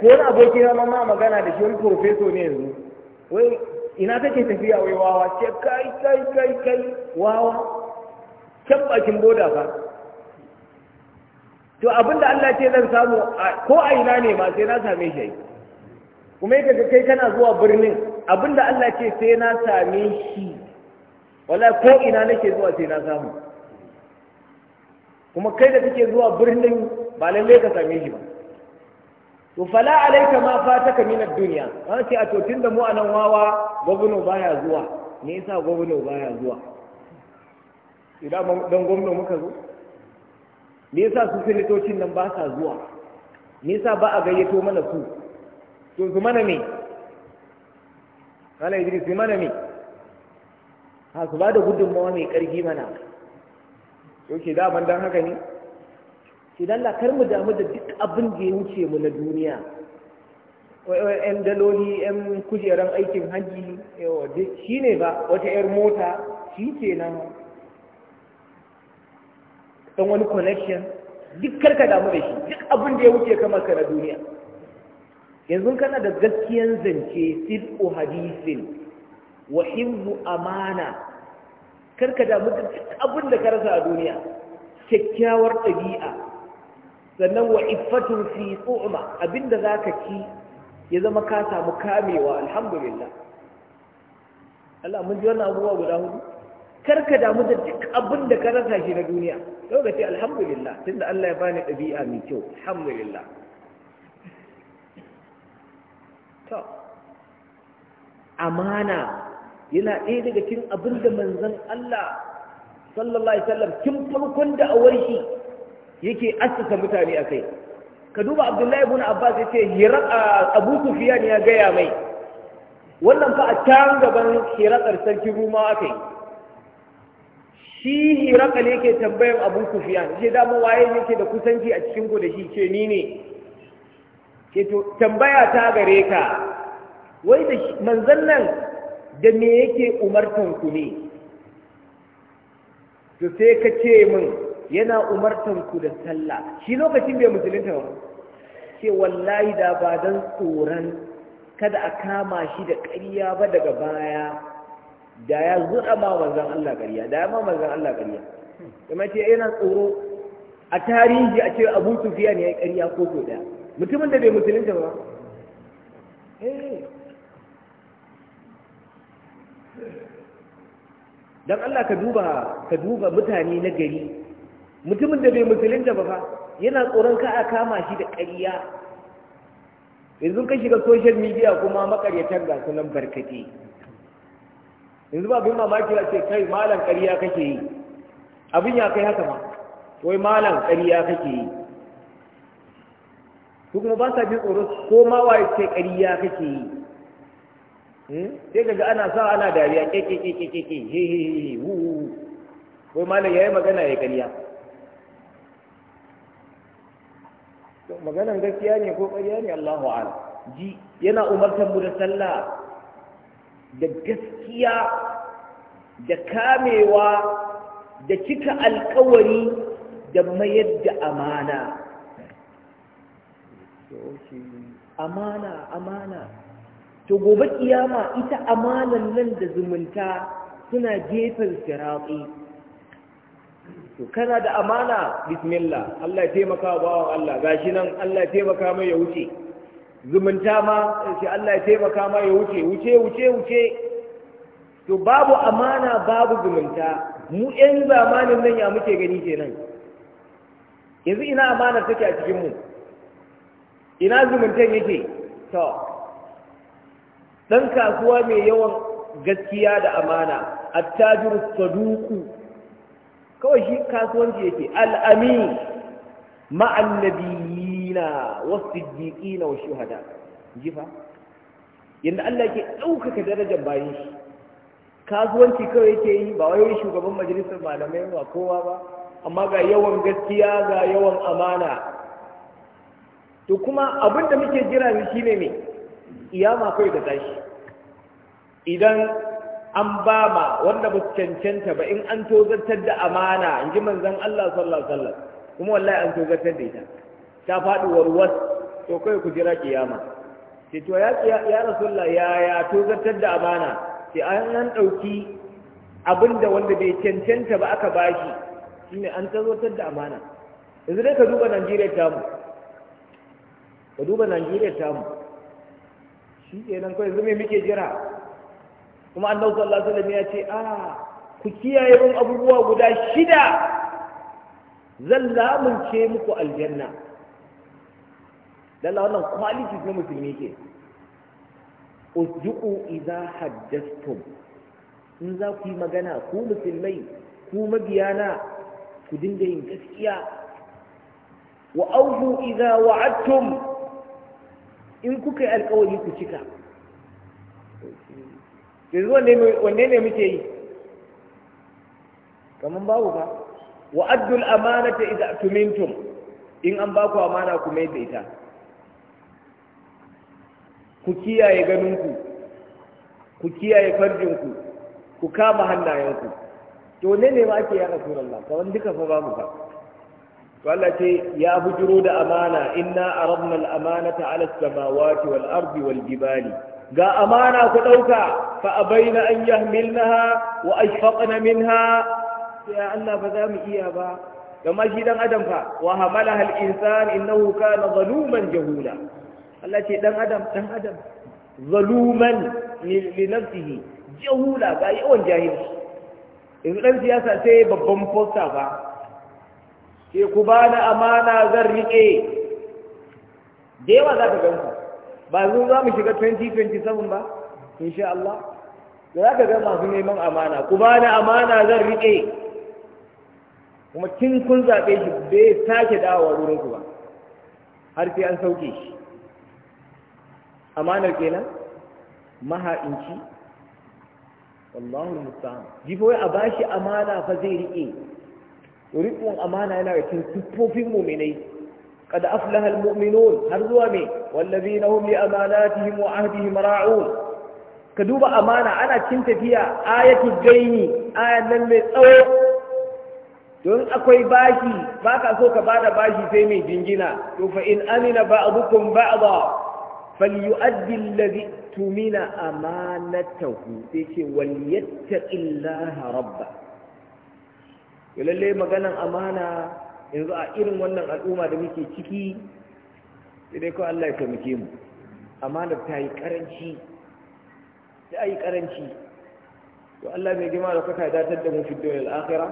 ko wani aboki na mama magana da shi wani professor ne yanzu wai ina kake tafiya wai wawa ce kai kai kai kai wawa can bakin boda fa to abin da Allah ce zan samu ko a ina ne ma sai na same shi kuma yake kai kana zuwa birnin abin da Allah ce sai na same shi wala ko ina nake zuwa sai na samu kuma kai da kake zuwa birnin ba lalle ka same shi ba to fala alaika ma fataka min ad-dunya an ce a to tunda mu anan wawa gwamnati baya zuwa me yasa gwamnati baya zuwa idan dan gwamnati muka zo me yasa su senatocin nan ba sa zuwa me yasa ba a gayyato mana su to su mana me kana idris su mana me ha su ba da gudunmawa mai karfi mana to ke ban dan haka ne idan la kar mu damu da duk abin da ya wuce mu na duniya yan daloli yan kujeran aikin hajji shi ne ba wata yar mota shi ke nan dan wani connection duk karka damu da shi duk abin da ya wuce kamar ka na duniya yanzu kana da gaskiyan zance sidqu hadisin wa himmu amana karka damu da duk abin da ka rasa a duniya kyakkyawar ɗabi'a sannan wa iffatun fi tsu'ma abinda zaka ci ya zama ka samu kamewa alhamdulillah Allah mun ji wannan abubuwa guda hudu kar ka damu da duk abin da ka rasa shi na duniya yau ce alhamdulillah tunda Allah ya bani ɗabi'a mai kyau alhamdulillah to amana yana ɗaya daga cikin abin da manzon Allah sallallahu alaihi wasallam tun farkon da a shi yake assasa mutane akai ka duba Abdullahi ibn Abbas yace Abu Sufyan ya gaya mai wannan fa a can gaban shiratsar sarki rumawa kai. shi hirakal ke tambayan abu kufiya, ce dama waye yake da kusanci a cikin ku da shi ce ni ne ke tambaya ta gare ka wai da manzan nan da me yake umartan ku ne to sai ka ce min yana umartan ku da sallah shi lokacin bai musulunta ba ce wallahi da ba dan tsoron kada a kama shi da ƙarya ba daga baya da ya zuɗa ma manzan Allah ƙarya da ya ma manzan Allah ƙarya kuma ce yana tsoro a tarihi a ce abu sufiya ne ya ƙarya ko ko ɗaya mutumin da bai musulunta ba eh. don Allah ka duba ka duba mutane na gari mutumin da bai musulunta ba fa yana tsoron ka a kama shi da ƙarya yanzu ka shiga social media kuma makaryatar ga sunan barkate yanzu ba bin mamaki a ce kai malam ƙarya kake yi abin ya kai haka ma wai malam ƙarya kake yi su kuma ba sa jin tsoro ko ma waye ce ƙarya kake yi hmm? sai kaga ana sa ana dariya ke ke ke ke ke ke he he he hu hu wai malam yayi magana ya ƙarya maganan gaskiya ne ko ƙarya ne Allahu a'lam ji yana umartar mu da sallah da gaskiya da kamewa da cika alkawari da mayar da amana amana amana to gobe kiyama ita amanan nan da zumunta suna gefen sirafi to kana da amana bismillah Allah ya taimaka wa Allah gashi nan Allah ya taimaka mai ya wuce zumunta ma shi Allah ya taimaka ma ya wuce wuce wuce wuce to babu amana babu zumunta mu 'yan zamanin nan ya muke gani kenan yanzu ina amana take a cikin mu ina zumuntan yake to dan kasuwa mai yawan gaskiya da amana attajiru saduku kawai shi kasuwanci yake al'ami ma'annabi nabiyina was-siddiqina wash-shuhada jifa yanda Allah ke ɗaukaka darajar bayan shi kasuwanci kawai yake yi ba wai shugaban majalisar malamai ba kowa ba amma ga yawan gaskiya ga yawan amana to kuma abin da muke jira ne shine me iyama kai da tashi idan an ba ma wanda ba su cancanta ba in an tozartar da amana in ji manzon Allah sallallahu alaihi wasallam kuma wallahi an tozartar da ita ta faɗi warwar to kai ku jira kiyama ce to ya ya rasulullah ya ya to zartar da amana ce an nan dauki abinda wanda bai cancanta ba aka bashi shine an tazartar da amana yanzu dai ka duba Najeriya ta mu ka duba Najeriya ta mu shi kenan kai yanzu me muke jira kuma annabi sallallahu alaihi wasallam ya ce a ah, ku kiyaye mun abubuwa guda shida zan lamunce muku aljanna dalla wannan qualities na musulmi ke usduqu idza haddathtum in za ku yi magana ku musulmai ku mabiyana ku dinga yin gaskiya wa awfu idza wa'adtum in kuka yi alkawari ku cika yanzu wanne ne muke yi kamar babu ba wa amanata idza tumintum in an ba ku amana ku mai da ita ku kiyaye ganinku ku kiyaye farjinku ku kama hannayenku to ne ne ma ake ya rasulullah kawan duka fa ba mu fa to Allah ce ya bujuro da amana inna aradna al-amanata ala as-samawati wal ardi wal jibali ga amana ku dauka fa abaina an yahmilnaha wa ashfaqna minha ya Allah ba za mu iya ba kama shi dan adam fa wa hamalaha al-insan innahu kana zaluman jahula Allah ce dan adam dan adam zaluman li nafsihi jahula ga yawan jahilci yanzu dan siyasa sai babban posta ba ke ku ba na amana zan riƙe da yawa za ka gansu ba zo za mu shiga 2027 ba insha Allah da za ka ga masu neman amana ku ba na amana zan riƙe kuma kin kun zaɓe shi bai sake dawowa wurin ku ba har sai an sauke shi amanar kenan maha'inci wallahu musta'an jifo a bashi amana fa zai rike Rikon amana yana da cikin siffofin mu'minai qad aflaha almu'minun har zuwa me wallazina hum li amanatihim wa ahdihim ra'un ka duba amana ana cin tafiya ayatul gaini ayan nan mai tsawo don akwai bashi baka so ka bada bashi sai mai jingina to fa in amina ba'dukum ba'da فليؤدي الذي اؤتمن امانته سيتي وليتق الله ربه lalle maganan amana yanzu a irin wannan al'umma da muke ciki sai dai ko Allah ya taimake mu amanar ta yi karanci ta yi karanci to Allah mai girma da kuka datar da mu fi duniyar akhirah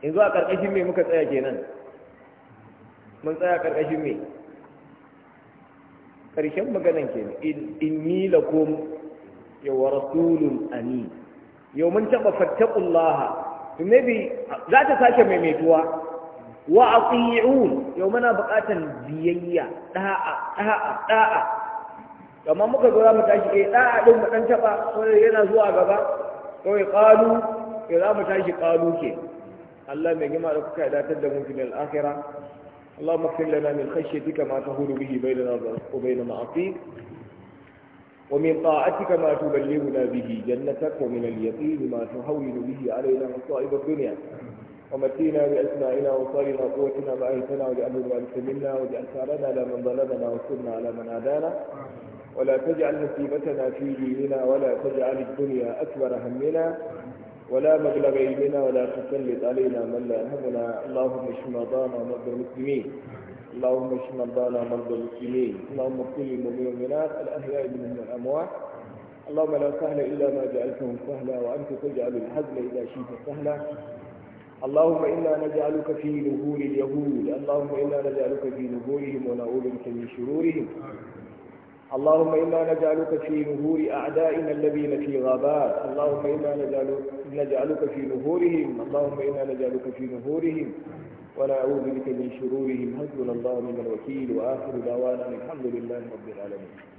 yanzu a karkashin me muka tsaya kenan mun tsaya karkashin me karshen maganan ke In inni lakum yawa rasulun amin yau mun taɓa Laha. fattakullaha maybe za ta sake maimaituwa wa ati'un yau mana buƙatan biyayya da'a da'a ɗa'a. amma muka zo za mu tashi eh ɗa'a din mu dan taba ko yana zuwa gaba kawai ƙalu. ya za mu tashi ƙalu ke Allah mai gima da kuka ya datar da mu fil akhirah اللهم اغفر لنا من خشيتك ما تهون به بيننا وبين معصيك ومن طاعتك ما تبلغنا به جنتك ومن اليقين ما تهون به علينا مصائب الدنيا ومتينا بأسمائنا وصالنا قوتنا ما أهتنا واجعله الوارث منا وجعل ثارنا على من ظلمنا وانصرنا على من عادانا ولا تجعل مصيبتنا في ديننا ولا تجعل الدنيا أكبر همنا ولا مبلغ علمنا ولا تسلط علينا من لا يهمنا اللهم اشف مرضانا ومرضى المسلمين اللهم اشف مرضانا ومرضى المسلمين اللهم اغفر للمؤمنين والمؤمنات الاحياء منهم والاموات اللهم لا سهل الا ما جعلته سهلا وانت تجعل الحزن اذا شئت سهلا اللهم انا نجعلك في نهول اليهود اللهم انا نجعلك في نهولهم ونعوذ بك من شرورهم اللهم إنا نجعلك في نهور أعدائنا الذين في غابات اللهم إنا نجعلك, في نهورهم اللهم إنا نجعلك في نهورهم ونعوذ بك من شرورهم هزنا الله من الوكيل وآخر دعوانا الحمد لله رب العالمين